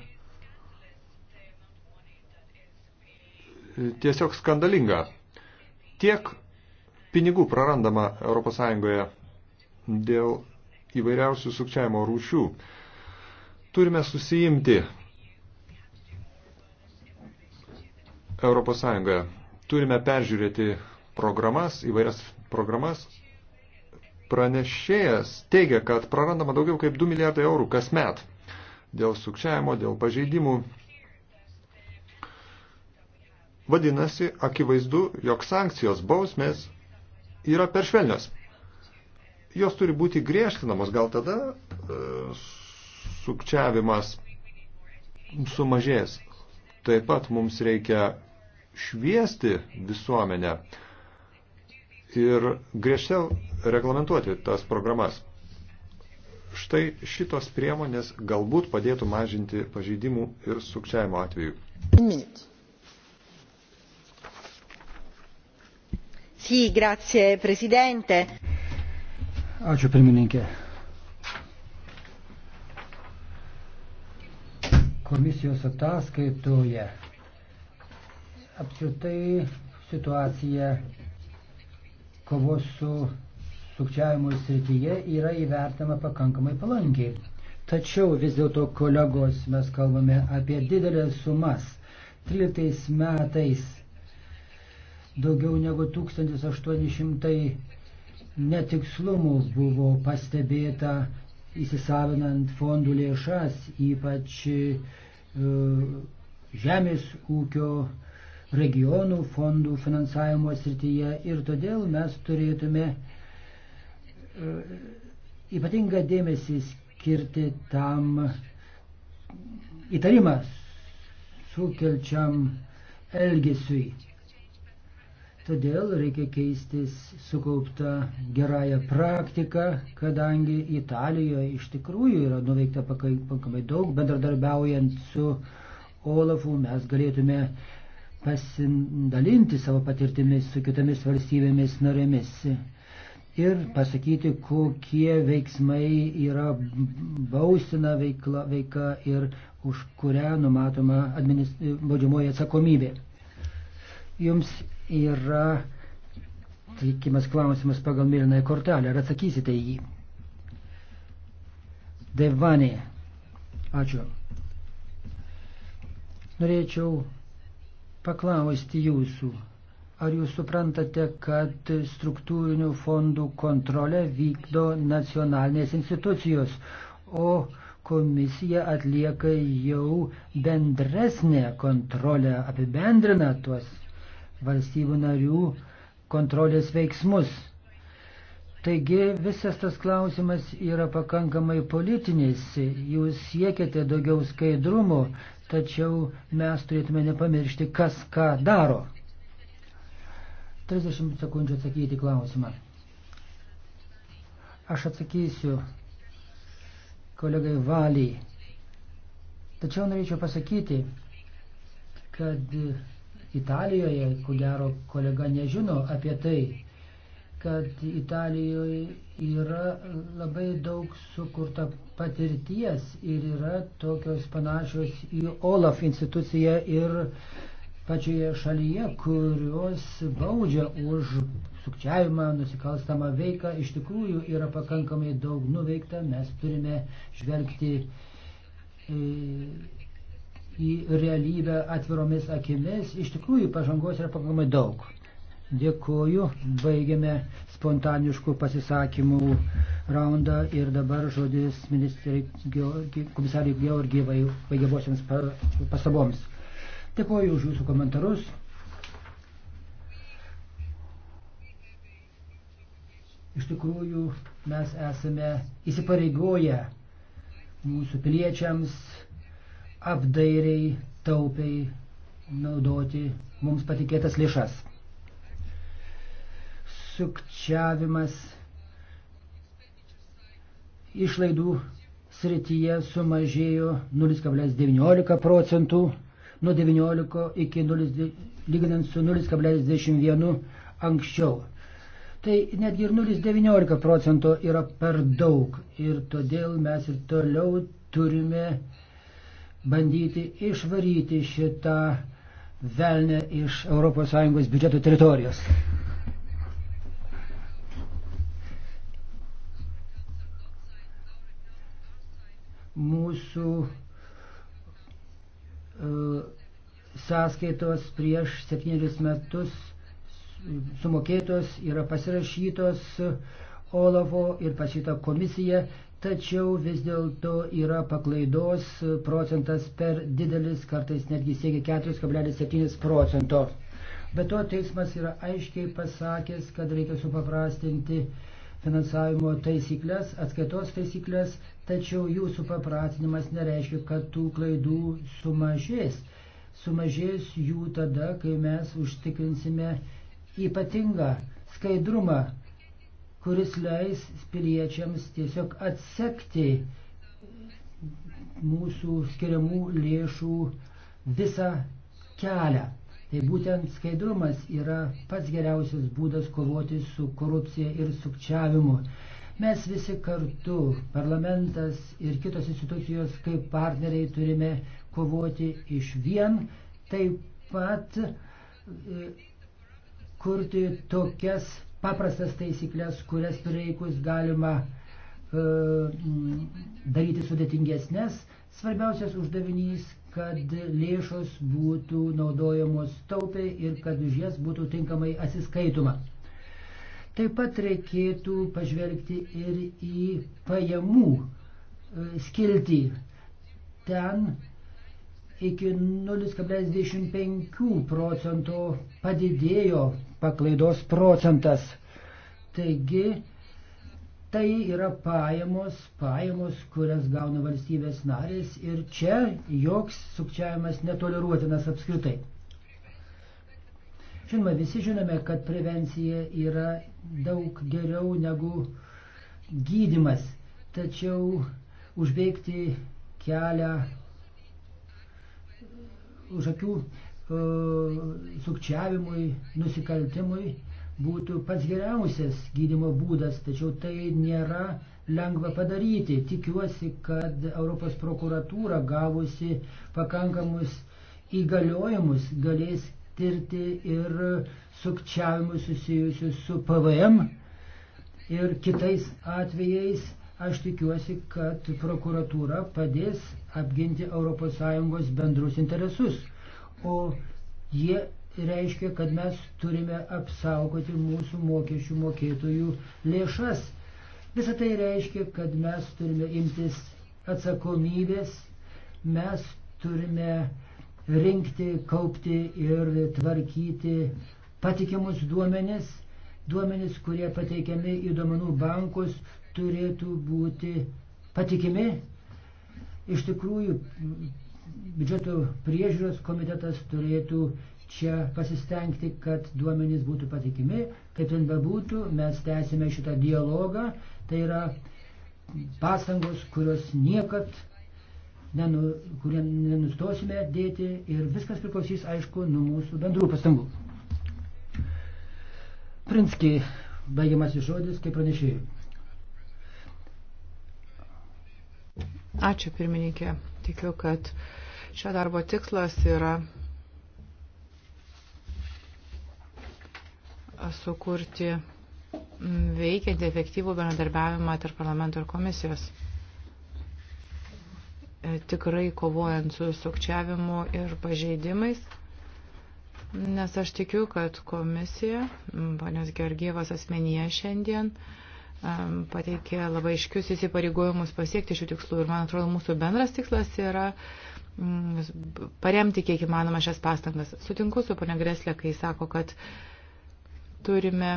Tiesiog skandalinga. Tiek pinigų prarandama ES dėl įvairiausių sukčiavimo rūšių. Turime susiimti ES. Turime peržiūrėti programas, įvairias programas, pranešėjas teigia, kad prarandama daugiau kaip 2 milijardai eurų kasmet dėl sukčiavimo, dėl pažeidimų. Vadinasi, akivaizdu, jog sankcijos bausmės yra peršvelnios. Jos turi būti griežtinamos, gal tada e, sukčiavimas sumažės. Taip pat mums reikia šviesti visuomenę. E, ir griežčiau reglamentuoti tas programas. Štai šitos priemonės galbūt padėtų mažinti pažeidimų ir sukčiavimo atveju. Sì, grazie Presidente. Ačiū pirmininkė. Komisijos ataskaitoje apskritai situacija kovos su sukčiavimo srityje yra įvertama pakankamai palankiai. Tačiau vis dėlto, kolegos, mes kalbame apie didelės sumas. 13 metais daugiau negu 1800 netikslumų buvo pastebėta įsisavinant fondų lėšas, ypač uh, žemės ūkio uh, regionų fondų finansavimo srityje ir todėl mes turėtume e, ypatingą dėmesį skirti tam įtarimą sukelčiam elgesiui. Todėl reikia keistis sukaupta gerąją praktiką, kadangi Italijoje iš tikrųjų yra nuveikta pakankamai daug, bendradarbiaujant su Olafu mes galėtume pasidalinti savo patirtimis su kitomis valstybėmis norėmis ir pasakyti, kokie veiksmai yra bausina veikla, veika ir už kurią numatoma baudžiamoji atsakomybė. Jums yra teikimas klausimas pagal mėlynąją kortelę. Ar atsakysite jį? Devanė. Ačiū. Norėčiau paklausti jūsų, ar jūs suprantate, kad struktūrinių fondų kontrolę vykdo nacionalinės institucijos, o komisija atlieka jau bendresnę kontrolę, apibendrina tuos valstybių narių kontrolės veiksmus. Taigi visas tas klausimas yra pakankamai politinis. Jūs siekiate daugiau skaidrumo, tačiau mes turėtume nepamiršti, kas ką daro. 30 sekundžių atsakyti klausimą. Aš atsakysiu kolegai Valiai. Tačiau norėčiau pasakyti, kad Italijoje, ko gero kolega nežino apie tai, kad Italijoje yra labai daug sukurta patirties ir yra tokios panašios į OLAF instituciją ir pačioje šalyje, kurios baudžia už sukčiavimą, nusikalstamą veiką. Iš tikrųjų yra pakankamai daug nuveikta, mes turime žvelgti e, į realybę atviromis akimis. Iš tikrųjų pažangos yra pakankamai daug. Dėkuoju, baigiame spontaniškų pasisakymų raundą ir dabar žodis komisariai Georgievai baigiavosiams pastaboms. Dėkuoju už jūsų komentarus. Iš tikrųjų, mes esame įsipareigoję mūsų piliečiams apdairiai, taupiai naudoti mums patikėtas lėšas sukčiavimas išlaidų srityje sumažėjo 0,19 procentų nuo 19 iki 0, lyginant su 0,21 anksčiau. Tai netgi ir 0,19 procento yra per daug ir todėl mes ir toliau turime bandyti išvaryti šitą velnę iš ES biudžeto teritorijos. mūsų e, sąskaitos prieš septynerius metus sumokėtos yra pasirašytos Olafo ir pasita komisija, tačiau vis dėlto yra paklaidos procentas per didelis, kartais netgi siekia 4,7 procento. Be to teismas yra aiškiai pasakęs, kad reikia supaprastinti finansavimo taisyklės, atskaitos taisyklės Tačiau jūsų papratinimas nereiškia, kad tų klaidų sumažės. Sumažės jų tada, kai mes užtikrinsime ypatingą skaidrumą, kuris leis piliečiams tiesiog atsekti mūsų skiriamų lėšų visą kelią. Tai būtent skaidrumas yra pats geriausias būdas kovoti su korupcija ir sukčiavimu. Mes visi kartu, parlamentas ir kitos institucijos kaip partneriai turime kovoti iš vien, taip pat e, kurti tokias paprastas taisyklės, kurias prireikus galima e, daryti sudėtingesnės. Svarbiausias uždavinys, kad lėšos būtų naudojamos taupiai ir kad už jas būtų tinkamai atsiskaitoma. Taip pat reikėtų pažvelgti ir į pajamų e, skiltį. Ten iki 0,25 procento padidėjo paklaidos procentas. Taigi tai yra pajamos, pajamos, kurias gauna valstybės narės ir čia joks sukčiavimas netoleruotinas apskritai. Žinoma, visi žinome, kad prevencija yra daug geriau negu gydimas, tačiau užbėgti kelią už akių e, sukčiavimui, nusikaltimui būtų pats geriausias gydimo būdas, tačiau tai nėra lengva padaryti. Tikiuosi, kad Europos prokuratūra gavusi pakankamus įgaliojimus galės tirti ir sukčiavimus susijusius su PVM ir kitais atvejais. Aš tikiuosi, kad prokuratūra padės apginti ES bendrus interesus. O jie reiškia, kad mes turime apsaugoti mūsų mokesčių mokėtojų lėšas. Visą tai reiškia, kad mes turime imtis atsakomybės, mes turime rinkti, kaupti ir tvarkyti patikimus duomenis. Duomenis, kurie pateikiami į duomenų bankus, turėtų būti patikimi. Iš tikrųjų, biudžeto priežiūros komitetas turėtų čia pasistengti, kad duomenys būtų patikimi. Kaip ten bebūtų, mes tęsime šitą dialogą. Tai yra pastangos, kurios niekad nenu, kurią nenustosime dėti ir viskas priklausys, aišku, nuo mūsų bendrų pastangų. Prinski, baigiamasis žodis, kaip pranešėjai. Ačiū, pirmininkė. Tikiu, kad šio darbo tikslas yra sukurti veikiantį efektyvų bendradarbiavimą tarp parlamento ir komisijos. E, tikrai kovojant su sukčiavimu ir pažeidimais. Nes aš tikiu, kad komisija, ponios Georgievas asmenyje šiandien, e, pateikė labai iškius įsipareigojimus pasiekti šių tikslų. Ir man atrodo, mūsų bendras tikslas yra paremti kiek įmanoma šias pastangas. Sutinku su ponia Greslė, kai sako, kad turime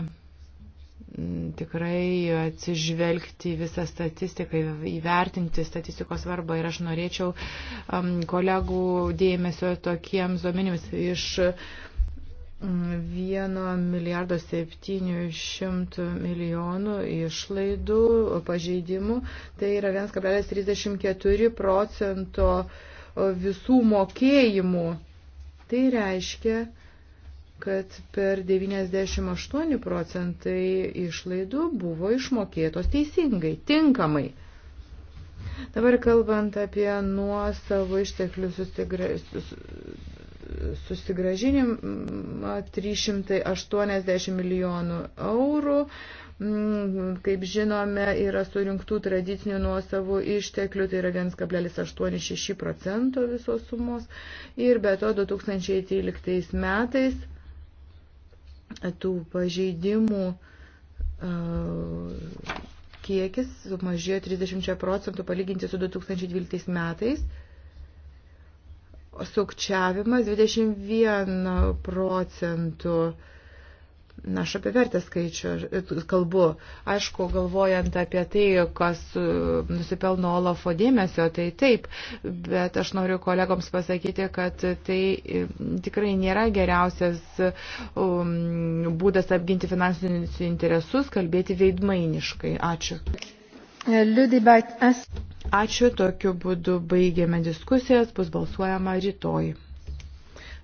tikrai atsižvelgti visą statistiką, įvertinti statistikos svarbą ir aš norėčiau um, kolegų dėmesio tokiems duomenims iš 1 milijardo 700 milijonų išlaidų pažeidimų, tai yra 1,34 procento visų mokėjimų. Tai reiškia, kad per 98 procentai išlaidų buvo išmokėtos teisingai, tinkamai. Dabar kalbant apie nuosavo išteklių susigražinimą 380 milijonų eurų mm, kaip žinome, yra surinktų tradicinių nuosavų išteklių, tai yra 1,86 procento visos sumos. Ir be to 2013 metais tų pažeidimų e, kiekis sumažėjo 30 procentų palyginti su 2012 metais, sukčiavimas 21 procentų Na, aš apie vertę skaičių e, kalbu. Aišku, galvojant apie tai, kas e, nusipelno Olafo dėmesio, tai taip, bet aš noriu kolegoms pasakyti, kad tai e, tikrai nėra geriausias um, būdas apginti finansinius interesus, kalbėti veidmainiškai. Ačiū. Ačiū, tokiu būdu baigėme diskusijas, bus balsuojama rytoj.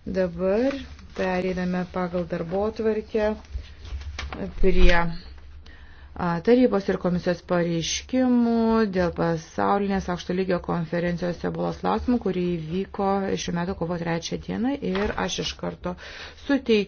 Dabar pereiname pagal darbo tvarkę prie tarybos ir komisijos pareiškimų dėl pasaulinės aukšto lygio konferencijos ebolos klausimų, kuri įvyko šiuo metu kovo trečią dieną ir aš iš karto suteikiu.